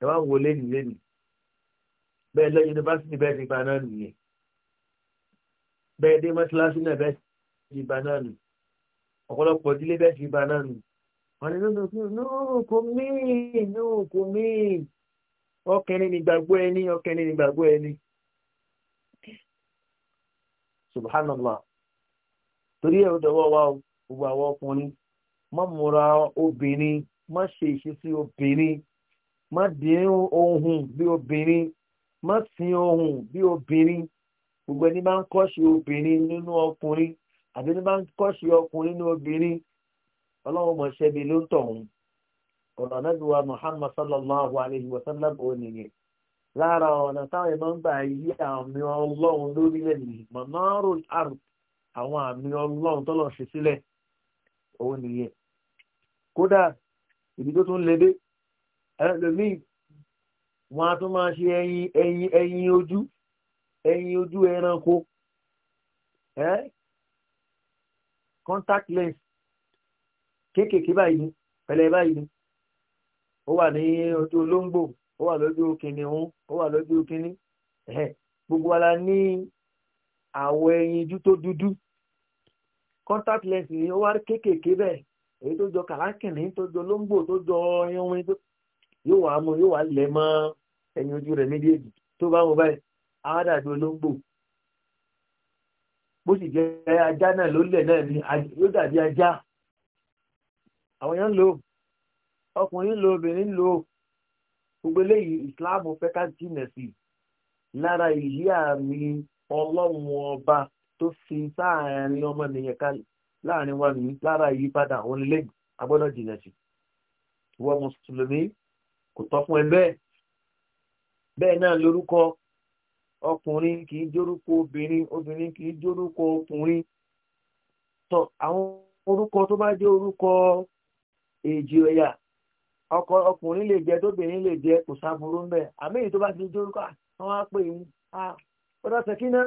ẹ wá wo lẹ́nu lẹ́nu bẹ́ẹ̀ lẹ́ yunifásitì bẹ́ẹ̀ ti gba náà nìyẹn bẹ́ẹ̀ dé mọ́ṣáláṣí náà bẹ́ẹ̀ ti gba náà nù ọ̀pọ̀lọpọ̀ ìdílé bẹ́ẹ̀ ti gba náà nù wọn ni nínú kò mí nínú kò mí. ọkùnrin n'ịgbagwo ẹni ọkùnrin nígbàgbọ́ ẹni subhanallah torí ẹ̀ ọ̀dọ̀wọ́ wa gbogbo àwọn ọkùnrin má múra obìnrin má ṣe ìṣesí obìnrin má dín ohun bí obìnrin má sin ohun bí obìnrin gbogbo ẹni bá ń kọ́ṣe obìnrin nínú ọkùnrin àbí ẹni bá ọ̀rọ̀ anábìwá muhammad sallallahu alayhi wa sallam ò nìyẹn lára ọ̀nà táwọn ẹ̀mọ́ ń gbà yí àmì ọlọ́run lórílẹ̀ nìyí mọ̀nàrò àrùn àwọn àmì ọlọ́run tọ́lọ̀ ṣe sílẹ̀ òun nìyẹn kódà ibi tó tún lédè ẹlòmíì wọn a tún máa ṣe ẹyin ẹyin ẹyin ojú ẹyin ojú ẹranko contact lens kéékèèké báyìí pẹ̀lẹ́ báyìí ó wà ní ojú olóńgbò ó wà lójú kìnìún ó wà lójú kìnní gbogbo ara ní àwọ̀ ẹyinjú tó dúdú contact lens ni ó wá kéékèèké bẹ́ẹ̀ èyí tó jọ kàlákìnní tó jọ olóńgbò tó jọ irin yóò wá mú yóò wá lẹ̀ mọ́ ẹyin ojú rẹ̀ méjèèjì tó bá wọn báyìí á dàbí olóńgbò bó sì jẹ́ ajá náà ló lẹ̀ náà ni yóò dàbí ajá àwọn èèyàn lò ó ọkùnrin lo obìnrin lo gbogbo eléyìí islam fẹ́ ká jìnà sí lára ìlí àmì ọlọ́run ọba tó fi sáàárín ọmọ nìyẹn ká láàrin wa nìyí lára ìyípadà àwọn eléyìí agbọ́dọ̀ jìnà sí ìwọ mùsùlùmí kò tọ́ fún ẹ bẹ́ẹ̀ bẹ́ẹ̀ náà lórúkọ ọkùnrin kì í jórúkọ obìnrin obìnrin kì í jórúkọ ọkùnrin tọ àwọn orúkọ tó bá jẹ́ orúkọ èjì ọ̀yà ọkọ ọkùnrin lè jẹ tóbìnrin lè jẹ kò sáfúrú ń bẹ àmì èyí tó bá ti ń jórúkọ àwọn apè yìí a bọ́dọ̀ sẹ́kínà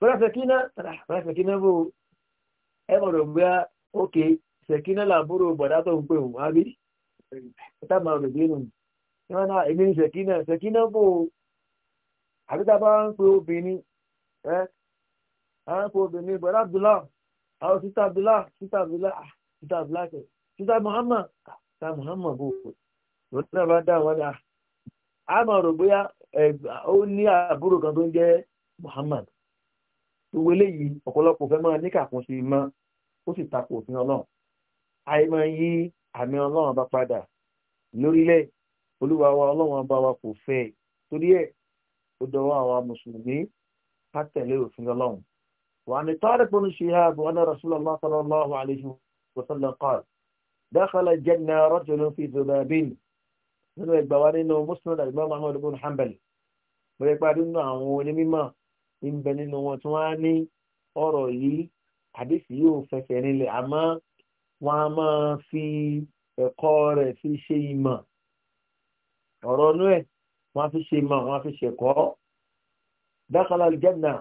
bọ́dọ̀ sẹ́kínà bọ́dọ̀ sẹ́kínà bò ẹ gbọ́dọ̀ gbé òkè sẹ́kínà làbúrò bọ̀dá tó ń pè wọ́n àbí ẹ̀ta máa rò dénú ìwọ́n náà èmi ní sẹ́kínà sẹ́kínà bò àbí tá a bá ń pe obìnrin ẹ à ń pe obìnrin bọ̀dá Abdullah àwọn sítà Abdullah sítà Abdullah sítà Abdullah sítà Muhammad ta muhammad bò kò lòun náà bá dá wọn dá ah, a máa rò bóyá ó ní àbúrò kan tó ń jẹ́ muhammad tó wọlé yìí ọ̀pọ̀lọpọ̀ fẹ́ máa ní kàkún sí i mọ́ ó sì takò òfin ọlọ́run àì máa yí àmì ọlọ́run bá padà lórílẹ̀ olúwa wa ọlọ́run bá wa kò fẹ́ torí ẹ̀ ó dọwọ́ àwa mùsùlùmí ká tẹ̀lé òfin ọlọ́run وعن طارق بن شهاب أن رسول الله صلى الله عليه وسلم قال dakhala janna rajulun fi dhubabin nínú ẹgbà wa nínú musnad al-imam ahmad ibn hanbal bóyá pé adé nínú àwọn onímọ̀ ń bẹ nínú wọn tí wọ́n á ní ọ̀rọ̀ yìí àdéhùn yóò fẹsẹ̀ nílẹ̀ àmọ́ wọ́n á máa fi ẹ̀kọ́ rẹ̀ fi ṣe ìmọ̀ ọ̀rọ̀ inú ẹ̀ wọ́n á fi ṣe ìmọ̀ wọ́n á fi ṣẹ̀kọ́ dakhala al-janna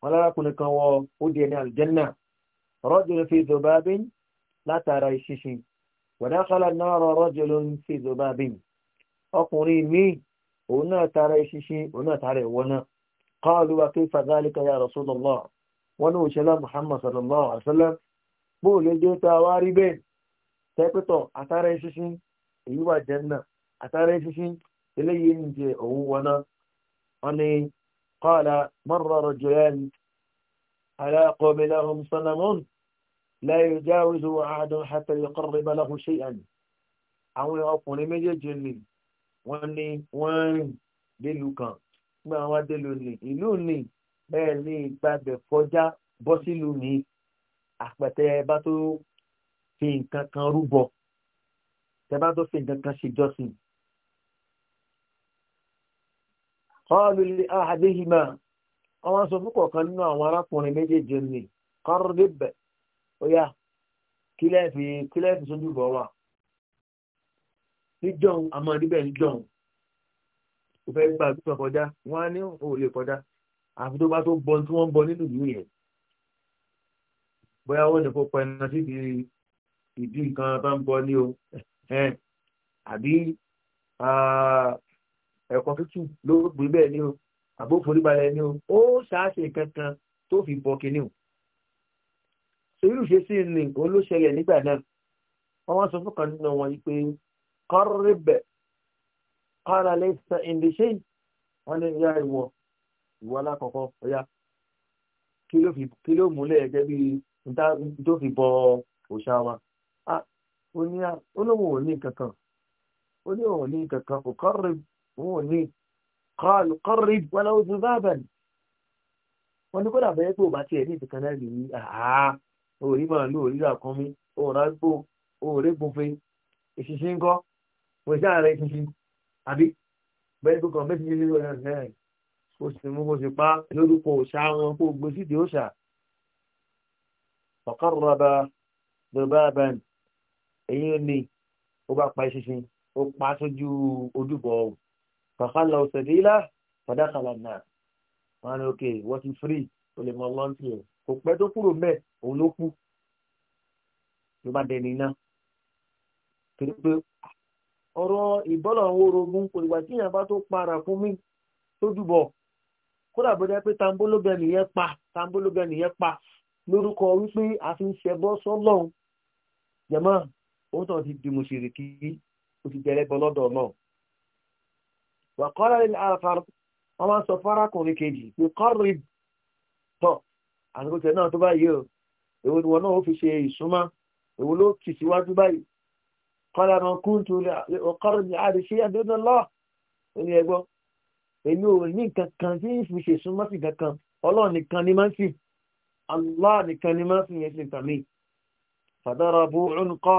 wọn lárakùnrin kan wọ ó di ẹni al-janna fi dhubabin látara ìṣinṣin wàdákàlà náà rọrọ jẹló ń fi ìjọba bí ọkùnrin míì òun náà tara ìṣiṣẹ́ òun náà tara ìwọ náà kọ́ọ̀lù wa kayfa dhalika ya rasulullah wọn ní òṣèlú muhammad sallallahu alaihi wasallam bóòlù ẹjọ́ tá a wá rí bẹ́ẹ̀ tẹ́pẹ́tọ̀ àtara ìṣiṣẹ́ èyí wà janna àtara ìṣiṣẹ́ eléyìí ń jẹ òun wọná wọn ni qala marra rajulan ala qawmi lahum sanamun لا يجاوزه أحد حتى يقرب له شيئا àwọn ọkùnrin méjèèjì ni wọ́n ní wọ́n délùú kan gbọ́n àwọn adélù ni ìlú ni bẹ́ẹ̀ ni ìgbàgbẹ́ kọjá bọ́ sílùú ni àpẹtẹ bá tó fi nǹkan kan rúbọ tẹ bá tó fi nǹkan kan ṣèjọsìn. kọ́ọ̀lù àhàdéhìmá wọ́n sọ fún kọ̀ọ̀kan nínú àwọn arákùnrin méjèèjì ni kọ́rọ̀débẹ̀ ó yá kí lẹ́ẹ̀fì kí lẹ́ẹ̀fì sójú bọ̀ wà níjọ́un àmọ́ níbẹ̀ níjọ́un ó fẹ́ gbà gbígbà kọjá wọ́n á ní òun lè kọjá àfi tó bá tó bọ tí wọ́n ń bọ nínú ìlú yẹn bóyá wọ́n lè kó pẹ̀lú sí ti ìdí nǹkan bá ń bọ ní o àbí ẹ̀kọ́ tútù ló gbé bẹ́ẹ̀ ní o àbóforíbalẹ̀ ní o ó ṣáà ṣe kankan tó fi bọ kinní o irúṣe sí ni olóṣèlè nígbà náà wọ́n wá sọ fún kan nínú wọn pé kọ́rẹ́bẹ̀ kọ́ra lẹ́sẹ̀ ìndíṣẹ́ wọn ní ìyá ìwọ ìwọ alákọ̀ọ́kọ́ ọ̀yá kí ló múlẹ̀ gẹ́gẹ́ bí tó fi bọ òṣà wa olóhùn ò ní kankan olóhùn ò ní kankan kò kọ́rẹ́bẹ̀ ò ní kọ́rẹ́bẹ̀ wọn lọ́wọ́ ju bábẹ̀ ni wọn ní kó dàbẹ̀ pé ò bá tiẹ̀ ní ìtìkan náà rí àá orí màálù orí ràkúnmí òòrà gbò òòrè gbòfe ìṣinṣin ń kọ́ wọ́n ṣáà rẹ̀ ìṣinṣin àbí bẹ́ẹ̀ tó kàn mẹ́sìn nílé ọ̀rẹ́ rẹ̀ kò sì mú kò sì pa lórúkọ òṣà wọn kó gbé sídìí òṣà ọ̀kọ́rọ̀ba bàbá abẹ́ni èyí ò ní ó bá pa ìṣinṣin ó pa sójú ojúbọ kàkálà ọ̀sẹ̀ dé ilá fàdákàlà náà wọn ni ok wọ́n ti firi olè mọ́ lọ́ntì ẹ̀ kò pẹ́ tó kúrò mẹ́ẹ̀ òun ló kú ló bá dẹni iná torí pé ọ̀rọ̀ ìbọ́lọ̀ ń orogún kò ìwà tí ìyàbá tó para fún mi tó dùbọ̀ kódà bó jẹ́ pé tambo ló bẹ nìyẹn pa tambo ló bẹ nìyẹn pa lórúkọ wípé a fi ń ṣẹbọ sọ́lọ́run jẹ̀mọ́ òun tó ti di mùsùlùmí ó ti jẹrẹ bọ lọ́dọ̀ náà wà kọ́ra ní àfàrà wọ́n máa ń sọ fárákùnrin kejì pé kọ́rin tọ̀ àsìkò tẹ̀ náà tó báyìí o èwo ni wọn náà ó fi ṣe ìsúnmọ́ èwo ló kì síwájú báyìí kọ́lá máa kún tó ọkọ́rọ̀ ní àdìsí àdéhùn lọ́ọ̀ ó ní ẹgbọ́ èmi ò ní nǹkan kan tí ń fi ṣe súnmọ́ sí kankan ọlọ́run nìkan ni máa ń sìn allah nìkan ni máa ń sìn yẹn sí nǹkan mi fàdára bó ń kọ́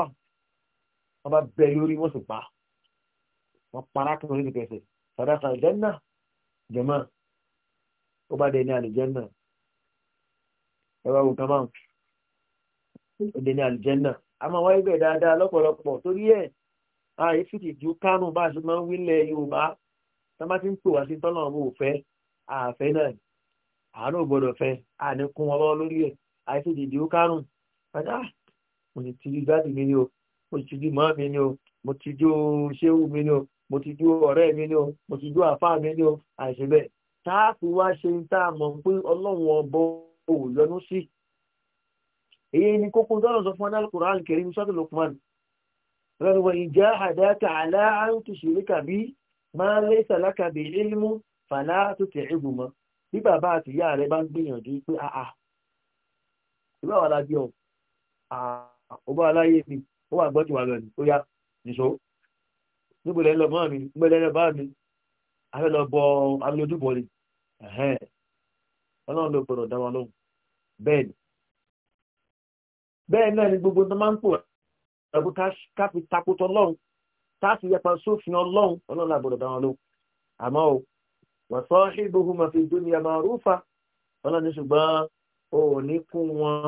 bẹ lórí wọn sì pa wọn para kan lórí kẹsẹ̀ fàdára kan ìjẹ́ náà jẹ̀mọ́ ó bá náà ẹwà wò kàn máa òde ní àlùjẹ́nà a máa wáyé bẹ̀ dáadáa lọ́pọ̀lọpọ̀ torí ẹ̀ àyè fìtì ju kánú bá a ṣe máa ń wílẹ̀ yorùbá tá má ti ń pè wá sí tọ́nà owó òfẹ́ àfẹ́ náà àánú gbọ́dọ̀ fẹ́ àní kún wọn lọ́wọ́ lórí ẹ̀ àyè fìtì ju kánú padà mo ti ti di gbádùn ah, mi ni o mo ti di mọ́ mi ni o mo ti di ṣéwù mi ni o mo ti di ọ̀rẹ́ mi ni o mo ti di àfáà mi ni o àìṣe ò yọnu sí èyí ni kókó tọ́lọ̀ sọ fún anáàlùkùrọ̀ alìkẹrí sọ́tò lukman rẹwà ìjà àdáka aláàrùn tó ṣe ríkà bí máa ń lẹ́sà lákàbí ilmú fàlá tó tẹ̀ ẹ́ gbùmọ́ bí bàbá àti ìyá rẹ bá ń gbìyànjú pé àà ìbá wà lábí ọ̀ ọba aláyé mi ó wà gbọ́dọ̀ wà lọ́nà tó yá nìṣó níbo lẹ́nu lọ mi níbo lẹ́nu bá mi a lọ bọ alójúbọ ọlọ́run ló gbọ́dọ̀ dá wa lóhùn bẹ́ẹ̀ ni bẹ́ẹ̀ náà ni gbogbo tó máa ń pò ẹ̀bù ká fi takótọ́ ọlọ́run ká fi yẹpa sófin ọlọ́run ọlọ́run la gbọ́dọ̀ dá wa lóhùn àmọ́ o wọ́n sọ ìgbóhùnmọ̀ fi dúnni ma'rufa ọlọ́run ṣùgbọ́n o ò ní kún wọn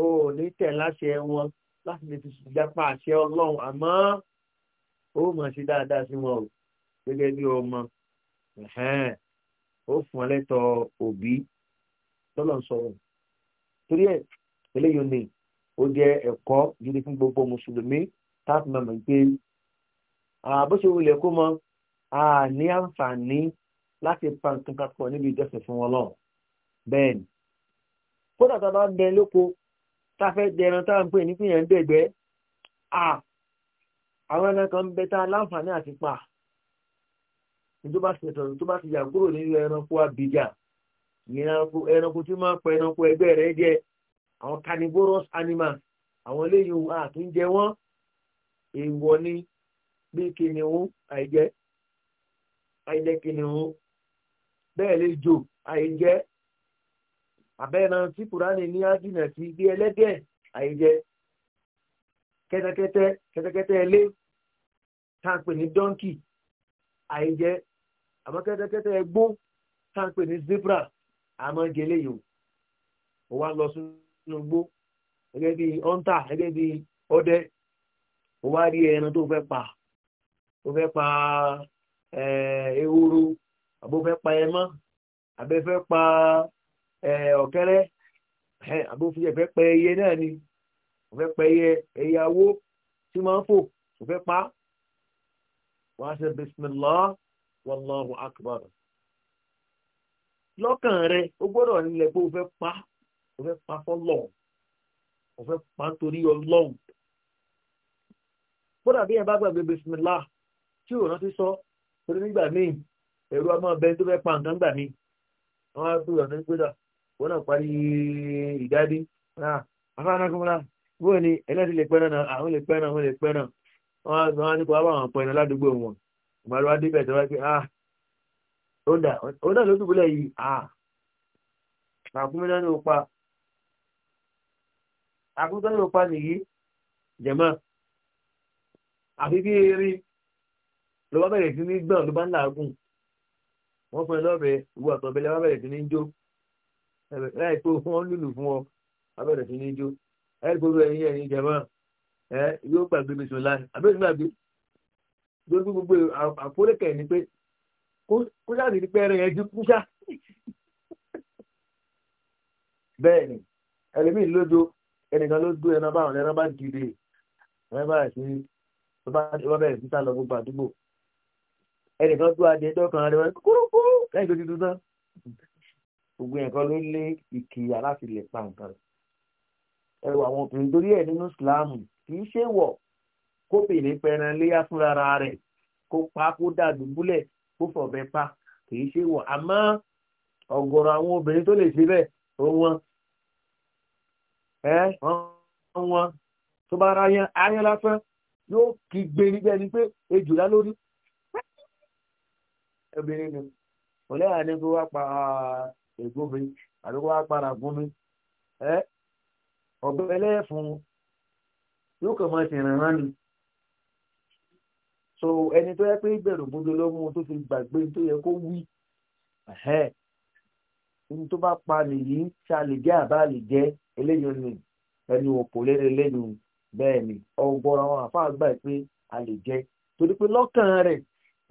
o ò ní tẹ̀ láṣẹ wọn láti lè fi yapa àṣẹ ọlọ́run àmọ́ o mọ̀ sí dáadáa sí wọn o gẹ́gẹ́ bí ọmọ ó fún ẹlẹ́tọ̀ òbí lọ́lọ́ sọ̀rọ̀ torí ẹ̀ eléyìí ni ó jẹ́ ẹ̀kọ́ gidi fún gbogbo mùsùlùmí táàpù mọ̀mọ́ pé bó ṣe wulẹ̀ kó mọ a ní àǹfààní láti pa nǹkan kan pọ̀ níbi ìjọsìn fún wọn náà bẹ́ẹ̀ ni kódà tá a bá ń bẹ lóko tá a fẹ́ dẹran tá à ń pè ní fìyàn dẹ̀gbẹ́ àwọn ẹran kan ń bẹ tá a láǹfààní àti pa tó bá ṣe tọ̀nù tó bá ti yà kúrò nínú ẹranko abidjan ìyẹn ẹranko tí máa ń pa ẹranko ẹgbẹ́ rẹ̀ jẹ àwọn carnivorous animals àwọn eléyìí àtúnjẹ wọn èèwọ̀ ni bí kìnìún àìjẹ àìjẹ kìnìún bẹ́ẹ̀ lè jò àìjẹ àbẹ́ẹ̀nà tí kùránì ní ájìnà sí bí ẹlẹ́dẹ̀ àìjẹ kẹ́tẹ́kẹ́tẹ́ kẹ́tẹ́kẹ́tẹ́ ilé tá a pè ní dọ́ńkì àìjẹ àmọ́ kẹ́tẹ́kẹ́tẹ́ ẹgbó tá à ń pè ní zebra àmọ́ gẹlẹ́ yìí ó wá lọ sínú igbó gẹ́gẹ́ bí hunter gẹ́gẹ́ bí ọdẹ ó wá rí ẹran tó fẹ́ pa tó fẹ́ pa ehoro àbó fẹ́ pa ẹmọ́ àbẹ́ fẹ́ pa ọ̀kẹ́rẹ́ àbó fẹ́ pa ẹyẹ náà ni ó fẹ́ pa ẹyẹ ẹyẹ awó tí máa ń fò ó fẹ́ pa wọ́n ṣe bisimilá wallahu akbar lọ́kàn rẹ o gbọ́dọ̀ nílẹ̀ pé o fẹ́ pa o fẹ́ pa fọ́lọ̀ o fẹ́ pa torí ọlọ́run kódà bí ẹ bá gbàgbé bisimilá tí ò rántí sọ torí nígbà míì ẹ̀rọ ọmọ ọbẹ̀ tó fẹ́ pa nǹkan gbà mí wọ́n á tó ọ̀nà gbéra wọ́n náà parí ìdádí afánákúnmọ́lá bóyá ni ẹlẹ́sìn lè pẹ́ náà àwọn lè pẹ́ náà àwọn lè pẹ́ náà wọ́n á nípa àwọn àpọ̀ ẹ̀nà ládùúgbò wọn ìmọ̀lúwa débẹ̀ tó wáyé pé ah ọ̀dà ọ̀dà ló dùbúlẹ̀ yìí ah àkúmí náà ní o pa àkúmí náà ní o pa nìyí jẹ̀mọ́ àfi bí eré ló bá bẹ̀rẹ̀ sí ní gbọ̀n ló bá ń làágùn wọ́n fún ẹ lọ́bẹ̀ ìwọ àtọ̀bẹ̀lẹ̀ wọ́n bẹ̀rẹ̀ sí ní jó láì tó wọ́n lùlù fún ọ gbogbo gbogbo àforékẹ̀ ni pé kó sáàtì ní pé ẹran yẹn ti kú sá. bẹ́ẹ̀ ni ẹlẹ́mìí lójó ẹnìkan ló dún ẹran báwọn ẹran bá dìde ẹran bá sí ọba bẹ̀rẹ̀ sí sálọ gbogbo àdúgbò ẹnìkan dún adìẹ tó kan rẹ wọn kúrúkúrú lẹ́yìn tó ti dún tán gbogbo ẹ̀kọ́ ló lé ìkìyà láti lè pa nǹkan ẹ àwọn obìnrin torí ẹ̀ nínú Islam kì í ṣe wọ̀ kóbìnrin pẹran léyà fúnra rẹ̀ kó pa kó dà dùbúlẹ̀ kó fọ̀bẹ pa kì í ṣe wọ̀ àmọ́ ọ̀gọ̀rọ̀ àwọn obìnrin tó lè ṣe bẹ́ẹ̀ ó wọ́n ẹ́ wọ́n tó bá ara yan ayán lásán yóò kí gbé níbẹ̀ ni pé ejò lá lórí obìnrin ni ọ̀lẹ́ àní kó wá pa ègbómi àbí kó wá para gómi ẹ́ ọ̀bẹ ẹlẹ́fun yóò kàn máa ṣèrànràn ni so ẹni tó yẹ pé ìbẹ̀rù bójú ló mú un tó fi gbàgbé tó yẹ kó wí ní tó bá pa nìyí ṣá lè jẹ́ àbá lè jẹ́ eléyìí ni ẹnu òkò lére lẹ́nu bẹ́ẹ̀ ni ọgbọ́n àwọn àfáà gbà pé a lè jẹ́ torí pé lọ́kàn rẹ̀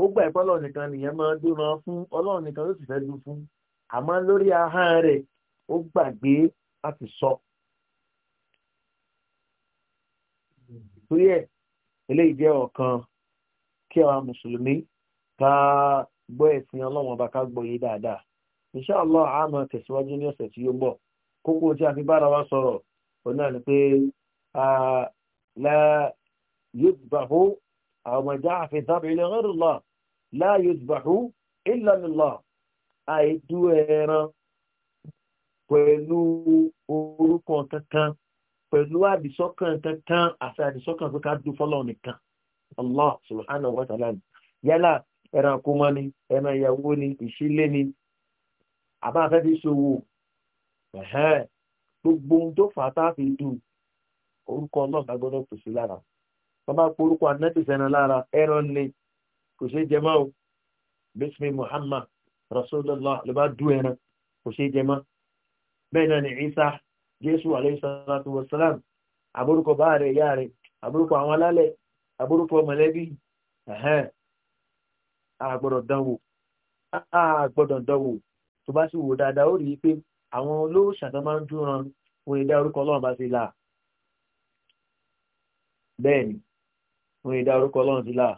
ó gbà pé ọlọ́run nìkan nìyẹn máa ń dúró fún ọlọ́run nìkan ló sì fẹ́ dún fún àmọ́ lórí ahọ́n rẹ̀ ó gbàgbé láti sọ. torí ẹ̀ eléyìí jẹ́ ọ̀kan kí àwa mùsùlùmí ká gbọ́ ẹ̀sìn ọlọ́run ọba ká gbọ́ yé dáadáa inṣàlá àmọ́ tẹ̀síwájú ní ọ̀sẹ̀ tí ó ń bọ̀ kókó tí a fi bára wa sọ̀rọ̀ òun náà ni pé la yudbahu aw ma ja'a fi dhabhi li ghayri Allah àìdú ẹran pẹ̀lú orúkọ kankan pẹ̀lú àdìsọ́kàn kankan àti àdìsọ́kàn pé ká nìkan Allah subhanahu wa ta'ala yálà ẹran kúmọ́ ni ẹran ìyàwó ni ìṣílé ni àbá afẹ́ fi ṣòwò gbogbo ohun tó fà á tá a fi dùn orúkọ ọlọ́ọ̀ta gbọ́dọ̀ kò sí lára wọ́n bá porúkọ anẹ́tìsẹ́nà lára ẹran ni kò ṣe jẹmọ́ o bísmí muhammad rasulullah ló bá dùn ẹran kò ṣe jẹmọ́ bẹ́ẹ̀ ni isa jésù aleyhisalatu wasalam àbúrúkọ bá rẹ̀ ìyá rẹ̀ àbúrúkọ àwọn alálẹ̀ àbórúkọ mọ̀lẹ́bí àgbọ̀dọ̀ dánwò àgbọ̀dọ̀ dánwò tó bá sì wò dáadáa ó rí i pé àwọn olóòṣà tó máa ń dúran òun ìdá orúkọ ọlọ́run bá ti là bẹ́ẹ̀ ni òun ìdá orúkọ ọlọ́run ti là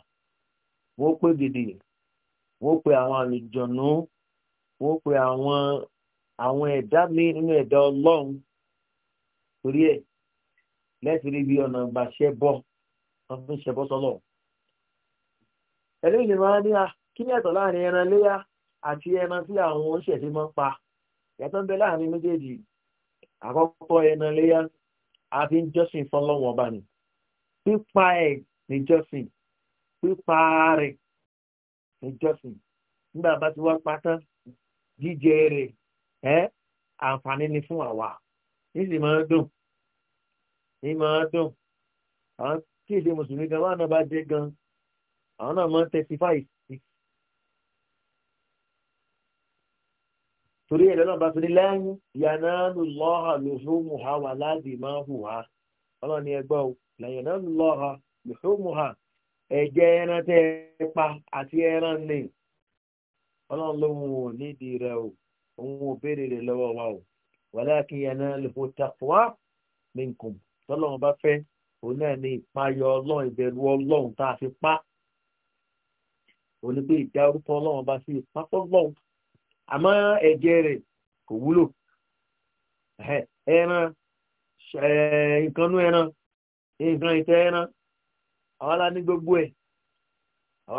wọ́n pè gèdè wọ́n pè àwọn àlùjọ̀nù wọ́n pè àwọn àwọn ẹ̀dá mi nínú ẹ̀dá ọlọ́run torí ẹ̀ lẹ́sìn rí ọ̀nà ìgbàṣẹ́ bọ̀ wọ́n fi ń ṣẹbọ sọ́lọ̀ ẹlẹ́yìn ìmọ̀ ní a ah, kí ni ẹ̀tọ́ láàrin ẹran léyà àti ẹran tí àwọn oníṣẹ̀ṣe máa ń pa ń bẹ láàrin méjèèjì àkọ́kọ́ ẹran léyà a fi fọlọ́wọ́n ọba ni pípa ẹ̀ níjọ́sìn pípa rẹ̀ nígbà bá ti wá tí èdè mùsùlùmí gan wọn náà bá jẹ gan àwọn náà máa ń testify sí. torí ẹ̀rọ náà bá fi ní lẹ́yìn yàrá nù lọ́ha lòṣù mùhà wà láti máa hù wá ọlọ́run ni ẹgbọ́n o lẹ́yìn nù lọ́ha lòṣù mùhà ẹ̀jẹ̀ ẹran tẹ́ pa àti ẹran ní ọlọ́run ló ń wò nídìí rẹ o òun ò béèrè rẹ lọ́wọ́ wa o wàlá kí yàrá lòṣù tàkùwá mi nkùn tọ́lọ́run bá fẹ́ òun náà ni ìpayọ ọlọ́run ìbẹ̀rù ọlọ́run tá a fi pa òun ni pé ìdá orúkọ ọlọ́run bá sí ìpapọ̀ ọlọ́run àmọ́ ẹ̀jẹ̀ rẹ̀ kò wúlò ẹran nǹkan ẹran ẹran gbogbo ẹ̀ ni.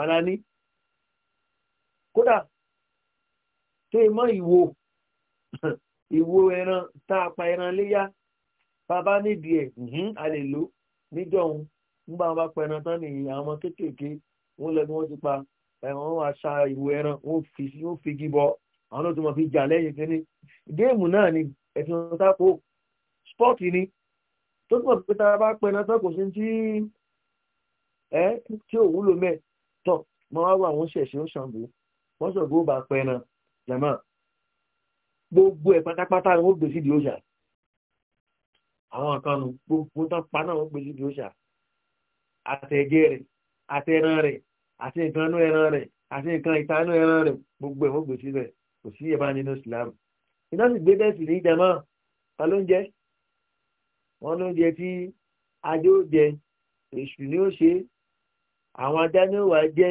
aláni kódà tó ìmọ̀ ìwo ìwo ẹran tá a pa ẹran léyà bàbá nídìí ẹ̀ a lè lò níjọ́hun nígbà wọn bá pa ẹran tán nìyí àwọn ọmọ kéékèèké wọn lọ wọn ti pa ẹran wọn aṣa ìwo ẹran wọn fi sí wọn fi gíbọ àwọn náà tó mọ fi jà lẹ́yìn kínní géèmù náà ni ẹ̀sìn wọn sáko spọ́ọ̀tì ni tó túmọ̀ pé tá a bá pa ẹran tán kò sí tí ẹ tí ò wúlò mẹ́ tọ̀ mọ́ wá wà wọ́n ṣẹ̀ṣẹ̀ ó ṣàǹbù wọ́n sọ̀gbọ́n bá pa ẹran jẹ̀mọ́ gbogbo ẹ̀ pátápátá ni wọ́n gbèsè ìdí òṣà àwọn kan nù gbogbo tán pa náà wọ́n pè sí ìdíòṣà àtẹ̀gẹ́ rẹ̀ àtẹ̀ran rẹ̀ àti nǹkan inú ẹran rẹ̀ àti nǹkan ìta inú ẹran rẹ̀ gbogbo ẹ̀ wọ́n pè sí rẹ̀ kò sí ẹ̀bá nínú ìsìlámù iná sì gbé bẹ́ẹ̀ sì ní ìjàmọ́ ta ló ń jẹ́ wọn ló ń jẹ tí ajé ó jẹ èṣù ni ó ṣe àwọn ajá ni ó wà jẹ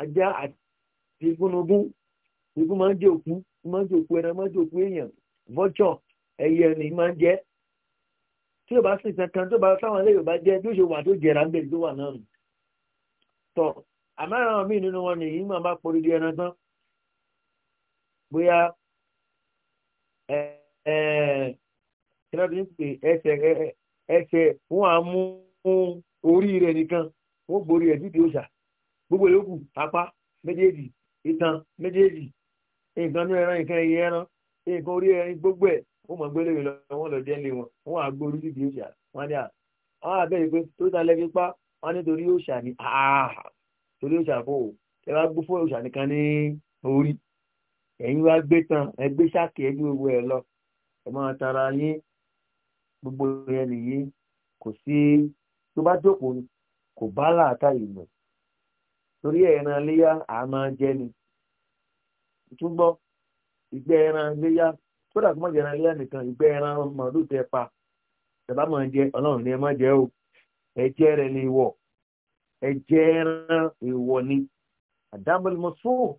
ajá àti igúnnugún igún máa ń jẹ òkú máa ń jẹ òkú ẹran máa ń jẹ òkú èèyàn vulture ẹyẹ ni máa ń jẹ́ tí o bá sì kankan tó bá táwọn ilé yorùbá jẹ́ bí ó ṣe wà tó jẹ̀rà ń bèrè tó wà náà nù tọ́ àmọ́ àwọn míì nínú wọn nìyí máa bá porí di ẹran tán bóyá ẹ ẹ kí ló dé pé ẹsẹ̀ ẹsẹ̀ wọn á mú orí rẹ̀ nìkan wọn borí ẹ̀ títí òòṣà gbogbo yòókù apá méjèèjì itan méjèèjì nǹkan ní ẹran nǹkan ẹyẹ ẹran nǹkan orí ẹran gbogbo ẹ̀ wọ́n mọ̀ gbélé mi lọ wọ́n lọ jẹ́ lé wọn wọ́n á gbórí síbi òòṣà wọ́n ni à wọ́n á bẹ̀rẹ̀ pé tó ta lẹ́fi pa wọ́n ní torí òòṣà ni àhà torí òòṣà fún o ẹ bá gbó fún òòṣà nìkan ní orí ẹ̀yin wá gbé tán ẹ gbé sáàkì ẹ gbé gbogbo ẹ lọ ẹ máa tara yín gbogbo ẹ nìyí kò sí tó bá jókòó kò bá làákà ìmọ̀ torí ẹran iléyà àá máa jẹ ni túbọ̀ ìgbẹ́ ẹran iléyà kódà kó má jẹ ẹran iléyà nìkan ìgbẹ́ ẹran màálù tẹ pa tẹ̀bá máa jẹ ọlọ́run ni ẹ má jẹ o ẹ̀jẹ̀ rẹ̀ ni ìwọ̀ ẹ̀jẹ̀ ẹran ìwọ̀ ni àdámọ́lùmọ́sọ́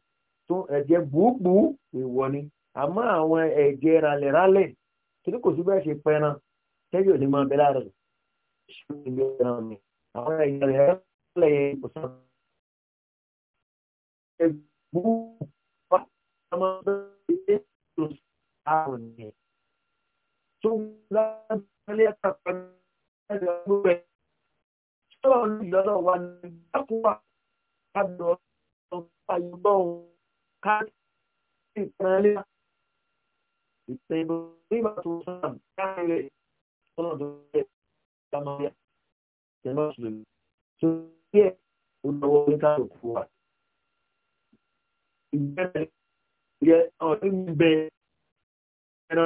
tó ẹ̀jẹ̀ gbùgbù ìwọ̀ ni àmọ́ àwọn ẹ̀jẹ̀ ralẹ̀ralẹ̀ kí kò sí bẹ́ẹ̀ ṣe pẹran tẹ́jọ́ ní máa bẹ láàrẹ̀ ṣùgbọ́n ẹran mi àwọn ẹ̀jẹ̀ rẹ̀ lẹ̀ kò sọ. ẹ̀gbùn pa ọmọ bẹ́ẹ̀ àrùn yẹn tó lọ́lẹ́ kàkọ́ ẹ̀rọ rẹ̀ sọ̀rọ̀ olùyọ́lọ́ wa ní ìdákùnwà kábíọ̀ ọ̀pá-ìbọ̀ káàkiri ìpínlẹ̀ ìpínlẹ̀ nígbà tó sàn káàkiri ọ̀nà tó rẹ̀ kàmọ́yà tẹ̀lé ọ̀sùn tó yẹ olùwọ́ ní káàkiri wa. ìgbẹ́rẹ̀ yẹ ọ̀rẹ́ mi bẹ́ẹ̀. Pero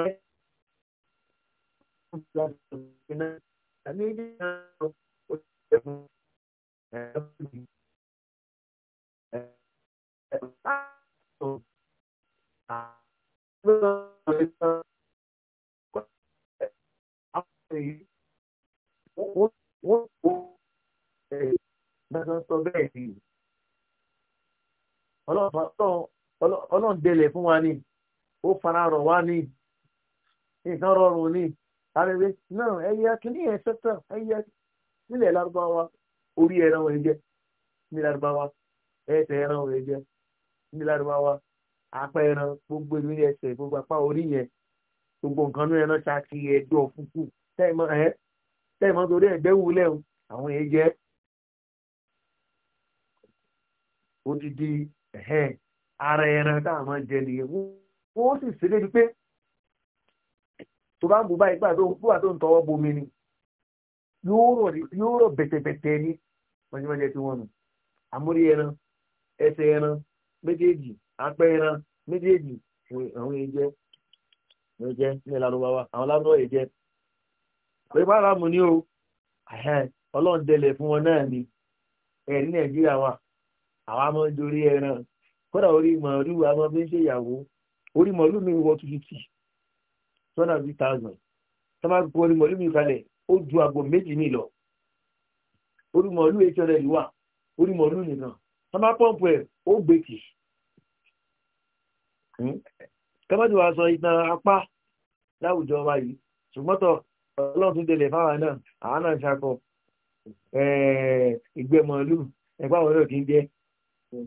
Ọlọ́run délẹ̀ fún wa ní, ó fara rọ̀ wá ní nǹkan rọrùn ni àrẹ̀rẹ̀ náà ẹyẹ kìíní yẹn sẹ́tàn ẹyẹ nílẹ̀ lárúbáwá orí ẹran wọn jẹ ní lárúbáwá ẹsẹ̀ ẹran wọn jẹ ní lárúbáwá apá ẹran gbogbo ìlú ẹsẹ̀ gbogbo apá orí yẹn gbogbo nǹkan náà ẹran ṣáàkì ẹjọ́ fúnkù tẹ́ẹ̀mọ́ ẹ tẹ́ẹ̀mọ́ torí ẹ̀gbẹ́ wulẹ̀ o àwọn yẹn jẹ́ odidi ara ẹran táwọn jẹ nìyẹn wọ́n sì ṣe débi pé tó bá ń bù báyìí gbà tó ń tọwọ́ bomi ni yóò rọ̀ bẹ̀tẹ̀bẹ̀tẹ̀ ní mọ̀jẹ̀mọ̀jẹ̀ tí wọ́n nù àmúrí ẹran ẹsẹ̀ ẹran méjèèjì apẹ́ ẹran méjèèjì àwọn èèjẹ́ ló jẹ́ ní Lárúbáwá àwọn Lárúbáwá èèjẹ́ pé báramu ní o ọlọ́run dẹlẹ̀ fún wọn náà ni ẹ̀ ní Nàìjíríà wa àwọn amọ̀ dorí ẹran kódà orí mọ̀ọ́lù àwọn fi ń ṣèyàwó orí mọ̀ọ́lù mi wọ tuntun two hundred and thousand tó máa gun orí mọ̀lú mi kalẹ̀ ó ju àgbo méjì ní lọ orí mọ̀lú eight hundred wà orí mọ̀lú nìkan tó máa pọ́ǹpù ẹ̀ ó gbé kì kọ́mọ́tì wa sọ ìtàn apá láwùjọ wa yìí ṣùgbọ́n tọ ọlọ́run tún délẹ̀ fáwọn náà àwọn náà ń ṣakọ ìgbẹ́ mọ̀lú ẹ̀gbọ́n àwọn náà kì í jẹ́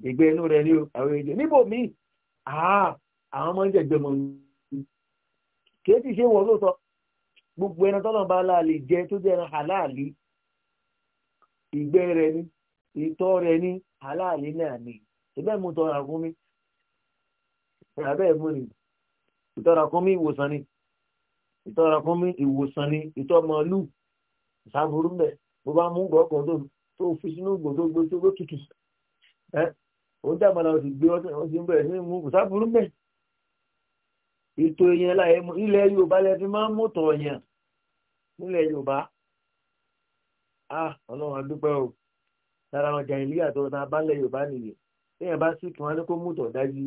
ìgbẹ́ inú rẹ̀ ní àwọn èdè níbòmíì àwọn ọmọ ń jẹ̀gbẹ́ mọ̀lú kìí ti ṣe wọ́n ló sọ gbogbo ẹran tọ́lọ̀ bá láàlè jẹ tó jẹ́ ẹran àláàlì ìgbẹ́ rẹ̀ ní ìtọ́ rẹ̀ ní àláàlì náà ni ìbẹ́ mú tọrọ àkún mi ìrabẹ́ mú ni ìtọ́ra kún mi ìwòsàn ni ìtọ́ra kún mi ìwòsàn ni ìtọ́ màálù ìsàbùrú mẹ́ bó bá mú gọ́ọ̀kan tó tó fi sínú gbòdógbò tó tutù ẹ́ ó dàgbà náà ó sì gbé ọtí ó sì ń bẹ̀rẹ̀ sí mú ìsàbùrú mẹ́ ètò èèyàn láyé ilẹ̀ yorùbá lẹ́fi máa ń mọ̀tọ̀ èèyàn nílẹ̀ yorùbá ah ọlọ́run adúpẹ́ o lára àwọn jàǹdí àtọ́wọ́ tá a bá lẹ̀ yorùbá nìyẹn téèyàn bá sìkì wọn ní kó mú ìtọ̀ dájú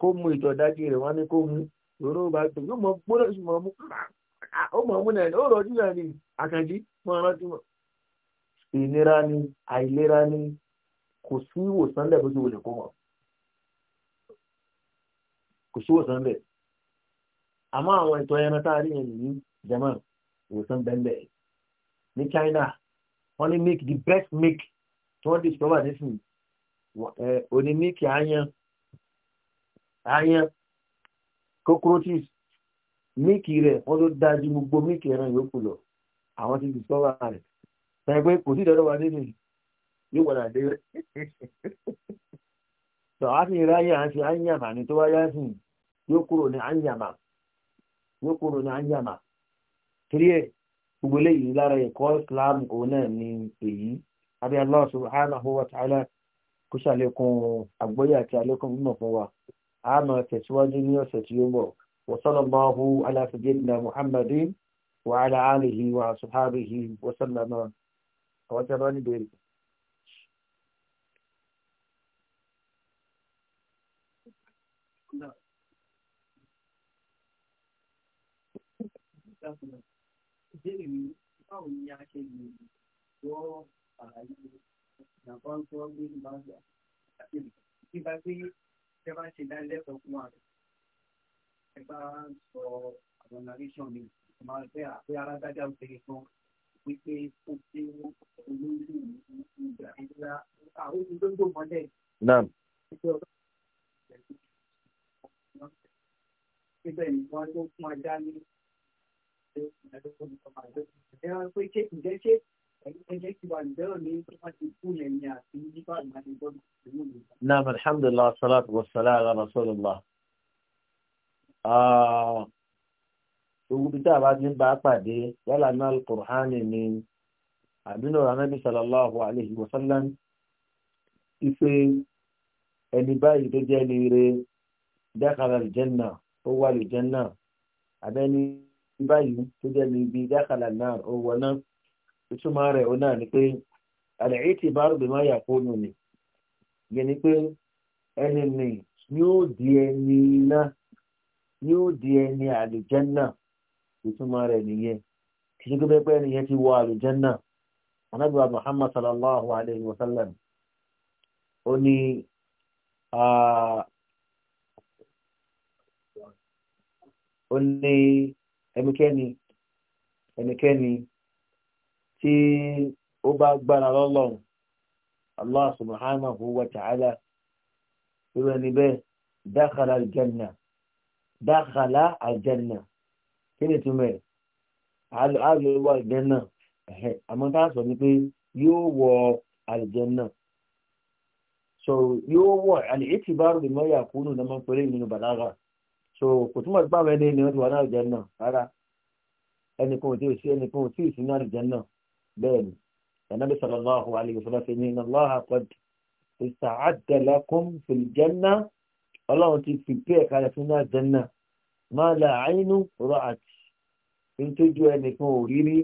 kó mú ìtọ̀ dájú rẹ̀ wọn ní kó mú lóró bá tó yóò mọ gbọ́dọ̀ sí mọ ó mọ mú náà ó rọjú náà ni àkànjí mọ rántí mọ. ìnira ni àìlera ni kò sí ìwòsàn lẹ́bùn tó wọlé kó wọn kò sí ìwòsàn bẹ́ẹ̀ àmọ́ àwọn ìtọ̀ ẹran tá a rí yẹn nìyí jẹ́mọ́ ìwòsàn bẹ́ẹ̀ ní China wọ́n ní milk the best milk tí wọ́n discover nísìnyí òní milk àyàn àyàn cockroaches milk rẹ̀ wọ́n ló dájú gbogbo milk ẹran yòókù lọ àwọn ti discover rẹ̀ sọ pé kò sí ìdọ́dọ̀ wa nínú yóò wọ̀nà àdéhùn. sọ á sì ráyè àti àyè àǹfààní tó wáyé àǹfààní yóò kúrò ní anyama yóò kúrò ní anyama torí ẹ gbogbo eléyìí lára ẹ̀kọ́ islam òun náà ni èyí abẹ Allah subhanahu wa ta'ala kó ṣàlékún àgbọ́yé àti àlékún mímọ̀ fún wa a máa tẹ̀síwájú ní ọ̀sẹ̀ tí ó bọ̀ wa sallallahu ala sayyidina muhammadin wa alihi wa sahbihi wa sallama àwọn tí bá ní dákúnmọ̀ ìbéèrè mi báwo ni a ṣe lè gbọ́ àlàyé ìjàmbá ń tọ́ ní ìbáṣẹ àti ìgbà pé ṣe bá ṣe dánilẹ́kọ̀ọ́ fún wa rẹ̀ ẹ bá sọ àwọn narration mi máa fẹ́ àpé alágbájá òkèèrè kan wípé ó ti olóyún ìgbà ìlera àwọn olùdókòwò mọ́lẹ̀. náà ni wọ́n ló fún ajá ní ẹ̀rọ pé ṣé ǹjẹ́ ṣé ẹ̀jẹ̀ ti wà níbẹ̀rẹ̀ ní wọ́n ti kú yẹn ni àti nípa ìgbàdí gbọ́dọ̀ ìlú mi. naam alhamdulilah salatu wa salam ala rasulillah. Ah, Ogun bí táà bá ti ń bá pàdé yálà náà Kùrhánì ni àdúnà Anábì sallallahu alayhi wa sallam ife ẹni báyìí tó jẹ́ ní ire dákàrà ìjẹ́nà ó wà ìjẹ́nà abẹ́ni báyìí tó jẹ́ ní ibi dákàlà náà ó wọná ìtumọ̀ rẹ̀ ó náà ni pé àlẹ́yìn ti bá rògbè má yà fóònù ni yẹn ni pé ẹni nì yóò di ẹni iná yóò di ẹni àlùjẹ́nà ìtumọ̀ rẹ̀ nìyẹn kì í gbé pé ẹni yẹn ti wọ àlùjẹ́nà anábìwá muhammad sallallahu alayhi wa sallam ó ní ó ní ẹnikẹ́ni ẹnikẹ́ni tí ó bá gbára lọ́lọ́run allah subhanahu wa ta'ala irú ẹni bẹ́ẹ̀ dakhala aljanna dakhala aljanna kí ni túmọ̀ ẹ̀ àlọ́ ìwà àmọ́ tá a sọ ni pé yóò wọ aljanna so yóò wọ àlè ètí bá rò lè mọ́ yà kúnnù náà máa ń pèrè nínú bàlágà so kò túmọ̀ sí pàwọn ẹni wọ́n ti wà ní àlùjánnà rárá ẹnì kan ò tí ì sí ẹnì kan ò tí ì sí ní àlùjánnà bẹ́ẹ̀ ni ẹ̀nàbí sallallahu alayhi wa sallam ṣe ní Allaha qad ista'adda lakum fil janna ọlọ́run ti fìpé ẹ̀ka rẹ̀ fún àlùjánnà ma la aynun ra'at nítorí ẹnì kan ò rí rí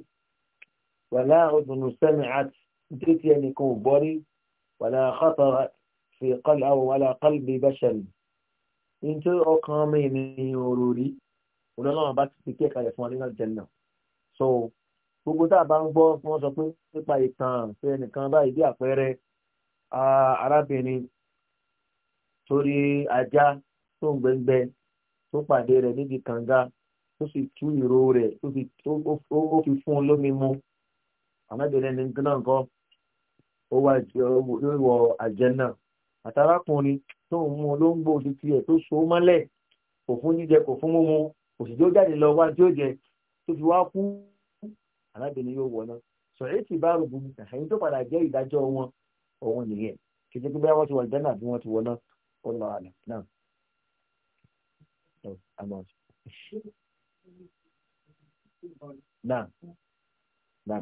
wala udhunun sami'at nítorí ẹnì ò gbọ́ rí wala fi qalbi nítorí ọkàn ọmọ ènìyàn òrò rí òun náà lọ́wọ́ bá ti fi kí ẹ̀ka rẹ̀ fún ọdún náà so gbogbo tá a bá ń gbọ́ wọ́n sọ pé nípa ìtàn pé ẹnìkan báyìí bí àpẹẹrẹ arábìnrin torí ajá tó ń gbẹ́ngbẹ́ tó pàdé rẹ̀ níbi kànga tó sì tú ìró rẹ̀ tó fi fún un lómi mu àmọ́bìnrin ní náà kọ́ ó wà ìwọ̀ àjẹ́ náà àtàrákùnrin tó ń mú olóńgbò ti tiẹ̀ tó so mọ́lẹ̀ kò fún jíjẹ kò fún mímu kò sì jó jáde lọ wá tí ó jẹ tó fi wá kú arábìnrin yóò wọná sọ̀rọ̀ tí bá rò bùn ẹ̀yìn tó padà jẹ́ ìdájọ́ wọn òun nìyẹn kì í ṣe pé bóyá wọ́n ti wà ìdáná àbí wọ́n ti wọná ó lọ náà. Náà. Náà.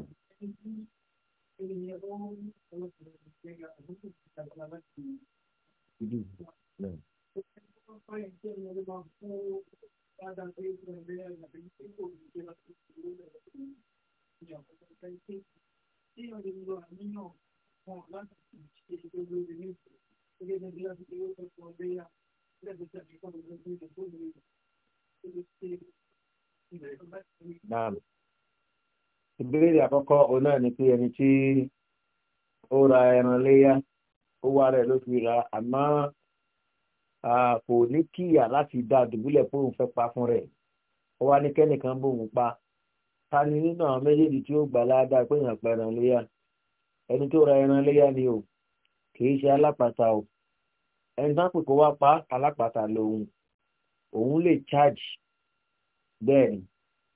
نعم ìbéèrè àkọ́kọ́ òun náà ni pé ẹni tí ó ra ẹran léyà ó wá rẹ̀ ló fi ra àmọ́ kò ní kíyà láti dá dùbúlẹ̀ pé òun fẹ́ pa fún rẹ̀ ó wá ní kẹ́nìkan bóun pa ta ni nínú àwọn méjèèjì tí ó gbà ládàá pé èèyàn pa ẹran léyà ẹni tó ra ẹran léyà ni o kìí ṣe alápàtà o ẹni tán pè kó wá pa alápàtà lòun òun lè charge bẹ́ẹ̀ ni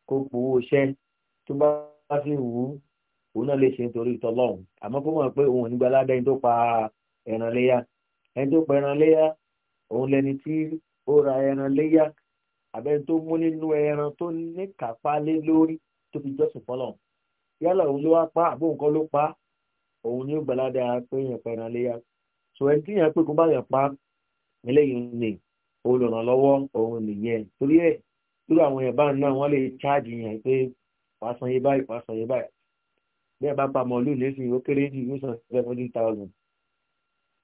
kó gbowó iṣẹ́ tó bá bá ti wù ú òun náà lè ṣe nítorí ìtọ́lọ́run àmọ́ kó mọ̀ pé òun ò ní gbaládá ẹni tó pa ẹran léyà ẹni tó pa ẹran léyà òun lẹni tí ó ra ẹran léyà àbẹ́ni tó mú nínú ẹran tó ní kápá lé lórí tó fi jọ́sìn fọ́lọ̀ yálà òun ló wá pa àbó nǹkan ló pa òun ní gbaládá pé yẹn pa ẹran léyà sọ ẹni tí yẹn pé kó bá yẹn pa eléyìí ni olùrànlọ́wọ́ òun nìyẹn torí ẹ̀ irú àwọn yẹn bá ń ná wọ́n lè cháàjì wàá san yé báyìí wàá san yé báyìí bẹ́ẹ̀ bá pa mọ̀lú lẹ́sìn ó kéré jù yóò san seventy thousand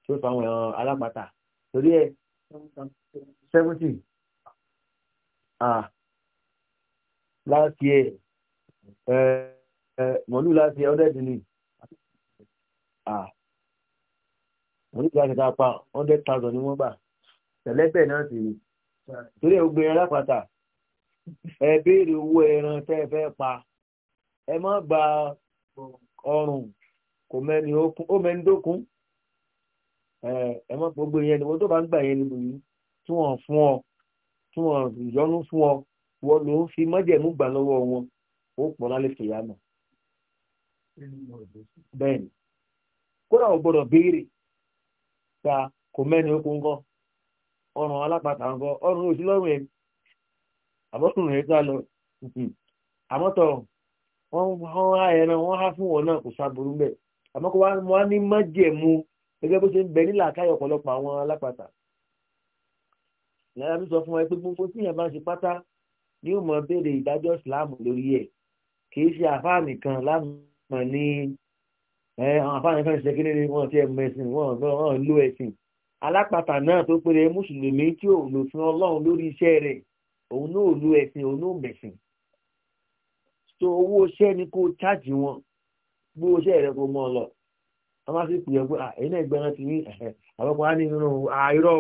tó fáwọn ẹ̀ràn alápàtà torí ẹ̀ seventy ah last year ẹ ẹ mọ̀lú last year hundred ni ah mọ̀lú last year tá a pa hundred thousand ni wọ́n gbà tẹ̀lẹ́bẹ̀ náà sì torí ẹ̀ ó gbé alápàtà ẹ béèrè owó ẹran tẹ́ ẹ fẹ́ pa ẹ má gba ọrùn kò mẹ́ni okun ó mẹ́ni dókun ẹ má gbogbo yẹn ni wọ́n tó bá ń gbà yẹn ni lòyún tí wọ́n fún ọ tí wọ́n yọnu fún ọ wọ́n ló ń fi mọ́jẹ̀mú gbà lọ́wọ́ wọn ó pọ̀ lálẹ́ fìyà náà. bẹ́ẹ̀ni kódà ò gbọ́dọ̀ béèrè ta kò mẹ́ni okun gan ọrùn alápatà ń gan ọrùn òsínlọ́rùn ẹ̀ àbọ̀tún rẹ̀ ta lọ àmọ́tọ̀ wọ́n há ẹran wọ́n há fún wọn náà kò sábúrú mẹ́ àmọ́ kó wá ní májẹ̀mú gẹ́gẹ́ bó ṣe ń bẹ nílà káyọ̀ ọ̀pọ̀lọpọ̀ àwọn alápàtà ìyára mi sọ fún wa pé gbogbo tí ìyàbá ń ṣe pátá ni yóò mọ béèrè ìdájọ́ ìsìláàmù lórí ẹ̀ kì í ṣe àfáà nìkan láàmú ní àwọn àfáà nìkan ṣe kí nínú wọn ti ẹ̀ mẹ́sìn wọn lo ẹ̀sìn alápàtà náà tó péré mùsùlùmí tí ò lò fún ọlọ́run lórí iṣẹ́ rẹ̀ òun náà lo ẹ̀sìn òun náà mẹ̀sìn so owó iṣẹ́ ni kó chájì wọn gbó iṣẹ́ rẹ kó mọ́ ọ lọ wọ́n máa fi pè é pé ẹ̀yin náà gbẹ́ran ti rí àwọn ọmọ ní irun àìrọ́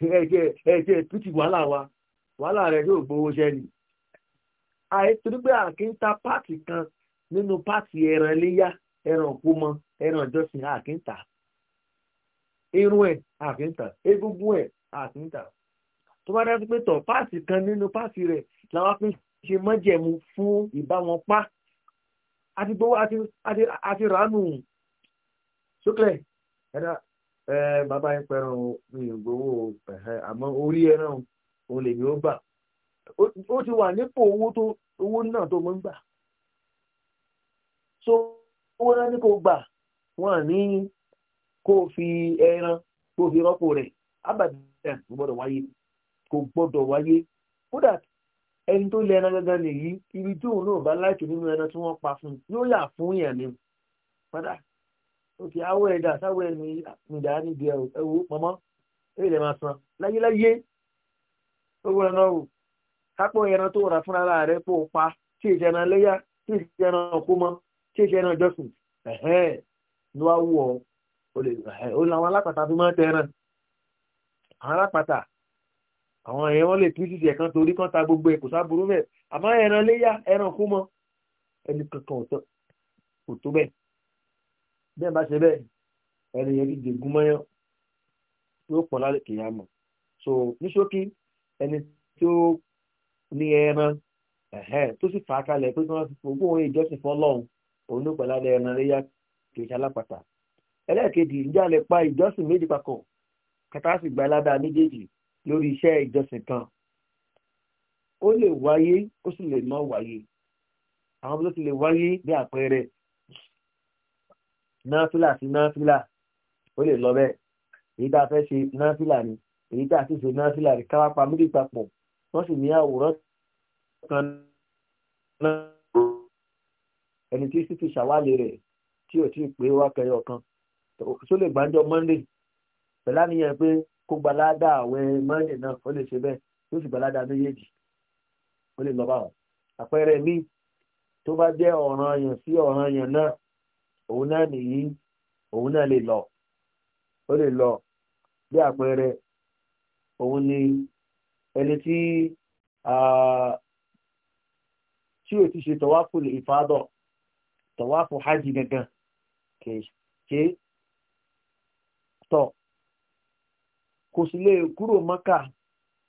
ẹ̀jẹ̀ ẹ̀jẹ̀ pìtì wàhálà wa wàhálà rẹ̀ yóò gbowó iṣẹ́ ni. àìtorí pé àkíńta páàtì kan nínú páàtì ẹran léyà ẹran òpómọ ẹran ìjọsìn àkíńta irun ẹ̀ àkíńta egungun ẹ̀ àkíńta tó bá dájú pé tọ̀ páàtì kan nínú páàtì rẹ̀ làwọn fi ń ṣe mọ́jẹ̀mú fún ìbáwọn pa àti gbowó àti ránù sókè ẹ̀dá bàbá yẹn pẹ̀ràn mi ìgbowó àmọ́ orí ẹran òun lèmi ó gbà ó ti wà nípò owó náà tó mọ́ ń gbà so owó náà ní kò gbà wọ́n ní kó fi ẹran kó fi rọ́pò rẹ̀ abàdàn gbọ́dọ̀ wáyé kò gbọ́dọ̀ wáyé kódà ẹni tó lé ẹran gangan nìyí ibi tí òun náà bá láìkì nínú ẹran tí wọ́n pa fún yóò yà fún yàn ni padà òkè awọ ẹ̀dá sáwọ ẹ̀mí ìdá níbi ẹ̀wò pamọ́ èyí lè máa san láyéláyé owó ẹran o kápọ̀ ẹran tó rà fúnra rẹ̀ pò pa tí èsì ẹran léyà tí èsì ẹran kó mọ́ tí èsì ẹran jọ́sìn ló wá wù ọ́ ó làwọn alápàtà fi máa tẹ ẹran àwọn alápàtà àwọn èèyàn wọn lè pín ẹ̀ kan torí kan ta gbogbo ẹ̀ kò sáburú bẹ́ẹ̀ àmọ́ ẹran léyà ẹran kú mọ́ ẹni kankan ọ̀tọ̀ kò tó bẹ́ẹ̀ bẹ́ẹ̀ bá ṣe bẹ́ẹ̀ ẹni yẹn dídè gúnmọ́yán yóò pọ̀ lálẹ́ kìí àmọ́ so ní ṣókí ẹni tó ní ẹran tó sì fà á kalẹ̀ pé kí wọ́n fi gbogbo òun ìjọsìn fọlọ́run òun ló pẹ̀lú alẹ́ ẹran léyà kìí ṣe alápàtà ẹlẹ́ẹ̀kejì ìjà lè pa ìjọsìn méjì papọ̀ kàtà sì gba aládàá méjèèjì lórí iṣẹ́ ìjọsìn kan ó lè wáyé ó sì lè má wáyé àwọn tó ti lè wáyé bí àpẹẹrẹ náfìlà sí náfìlà ó lè lọ bẹ́ẹ̀ èyí tá a fẹ́ ṣe náfìlà ni èyí tá a sì ṣe náfìlà ni káwá pa méjì papọ̀ wọ́n sì ní àwòrán kan náà ẹni tí sì fi ṣàwálẹ̀ rẹ̀ tí ò tí ì pé wákẹ́yọ̀ kan tó lè gbàjọ monday pẹ̀lá nìyẹn pé kó gbalada àwẹ̀ mọ́ndé náà ó lè ṣe bẹ́ẹ̀ yóò sì gbalada méjèèjì ó lè lọ bá wọn. àpẹẹrẹ mi tó bá jẹ́ ọ̀ràn yàn sí ọ̀ràn yàn náà òun náà nìyí òun náà lè lọ ó lè lọ bí àpẹẹrẹ òun ni ẹni tí tí o ti ṣe tọwáfù ìfádọ̀ tọwáfù hajj gangan kèé tọ̀ kò sì lè kúrò mọ́kà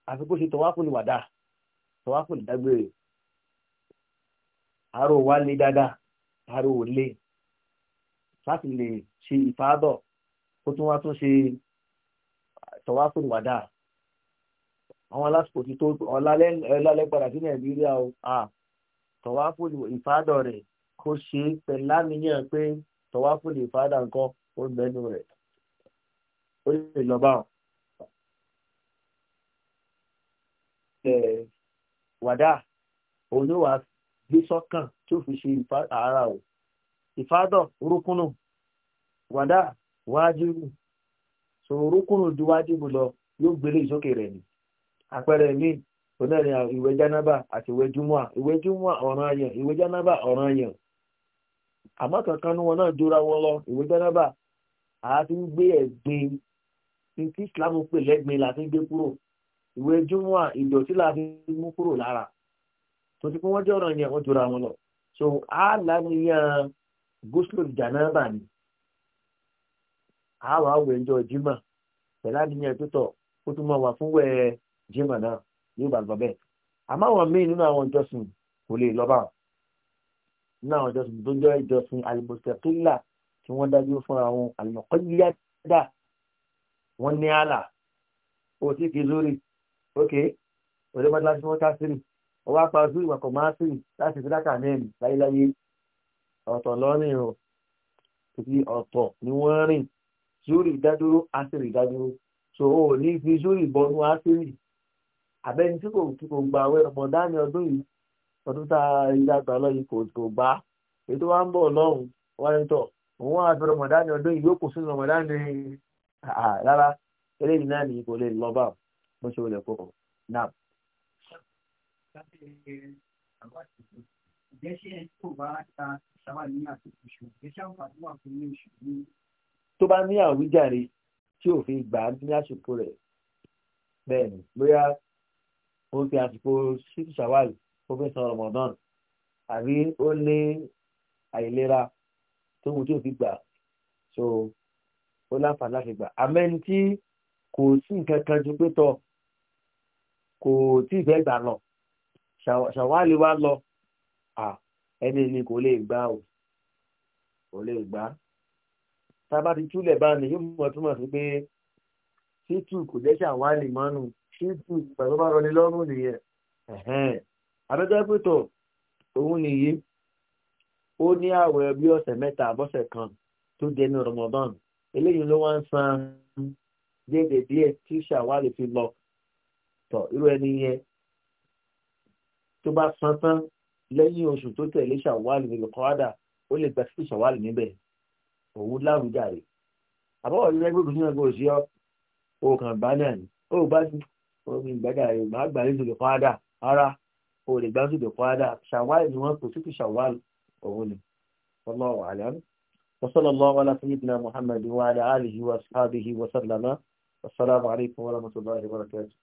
àfi kó ṣe tọ́wáfòlì wàdà tọ́wáfòlì dágbére àárò wa lé dáadáa àárò ò lé láti lè ṣe ìfádọ̀ kó tún wá tún ṣe tọ́wáfòlì wàdà àwọn alásìkò ti tó ọlálẹ́ padà sí nàìjíríà o tọ́wáfòlì ìfádọ̀ rẹ̀ kó ṣe pẹ̀lá níyàn pé tọ́wáfòlì ìfádà nǹkan ó ń rẹ̀ ó lè lọ báwọn. wàdà òun ló wàá gbé sọ́kàn tí ó fi ṣe ara o ìfádọ̀ rúkúnù wadaa, wájúbù so rúkúnù di wájúbù lọ yóò gbélé ìsókè rẹ̀ ni àpẹẹrẹ mi onáàrin ìwé jánábà àti ìwé júmọ́à ìwé júmọ́à ọ̀ràn yẹn ìwé jánábà ọ̀ràn àmọ́ kankan wọn náà dúra wọn lọ ìwé jánábà àá la fi gbé ìwé júmọ́à ìdọ̀tí láti mú kúrò lára tó ti pín wọ́n jẹ́ ọ̀ràn yẹn wọ́n jura wọn lọ so a lánìyàn gúúsùlù jànáàbà ni a wà wẹ̀ ẹjọ́ jimá pẹ̀lá níyàn tó tọ̀ ó tún máa wà fún wẹ̀ jimá náà ní ìbàlùbọ̀ bẹ́ẹ̀ àmọ́ àwọn míì nínú àwọn ìjọsìn kò lè lọ́ba nínú àwọn ìjọsìn tó jẹ́ ìjọsìn alimọ̀sẹ̀kílà tí wọ́n dájú fún àwọn alimọ̀kọ́yíyá dá wọ́n ní àlà ó sì kí lórí ok ọjọ́ mọ́tò láti mọ́ tásírì ọwọ́ apá ojú ìwà kọ̀ máa sírì láti fi dákà mẹ́rin láyéláyé ọ̀tọ̀ lọ́rìn o títí ọ̀tọ̀ ni wọ́n rìn zúrì dádúró ásírì dádúró so o ní fi zúrì bọnú ásírì abẹ́ni tí kò tí kò gba àwẹ̀ ọmọdáni ọdún yìí ọdún tá a yíra gbà lọ́yìn kò kò gbá èyí tó wá ń bọ̀ lọ́hùn wáyé tọ̀ òun wà fẹ́ ọmọdáni ọdún yìí yóò kù sínú ọmọdáni rárá eléyìí náà nìyí kò lè lọ báwọn bó ṣe wọlé kó náà. tó bá ní àwíjàre tí òfin gbà á ní àsìkò rẹ̀ bẹ́ẹ̀ ni bóyá ó fi àsìkò ṣíṣù ṣàwárì ó fi san Ramadan àbí ó ní àìlera tó mú tí òfin gbà so ó láǹfààní láti gbà àmẹ́ni tí kò sí nǹkan kan ju pé tọ́ kò tí ì fẹ́ gbà lọ ṣàwálì wa lọ ẹni ni kò lè gbà o kò lè gbà tába ti túlẹ̀ bá ní yóò mọ̀ túmọ̀ sí pé títù kò jẹ́ ṣàwálì mọ́nù títù pẹ̀lú bá rọni lọ́rùn nìyẹn abẹ́jọ́ pẹ̀tọ̀ òun nìyí ó ní àwẹ̀ bí ọ̀sẹ̀ mẹ́ta àbọ̀sẹ̀ kan tó jẹ́ ní Ramadan eléyìí ló wá ń san déédéé díẹ̀ tí ṣàwálì fi lọ tọ̀ irú ẹni yẹn tó bá san tán lẹ́yìn oṣù tó tẹ̀lé ṣàwálì nílò kọ́ádà ó lè gba títí ṣàwálì níbẹ̀ òun lárúgà rẹ̀ àbáwọ̀ ní ẹgbẹ́ òkùnkùn náà kò sí ọ́ o kàn bá náà ni ó bá ní omi ìgbàdà rẹ̀ máa gbà ní nílò kọ́ádà ara o lè gbà nílò kọ́ádà ṣàwálì ni wọ́n kò títí ṣàwálì òun ni ọlọ́wọ̀ àlẹ́ وصلى الله على سيدنا محمد وعلى آله وأصحابه وسلم والسلام عليكم ورحمة الله وبركاته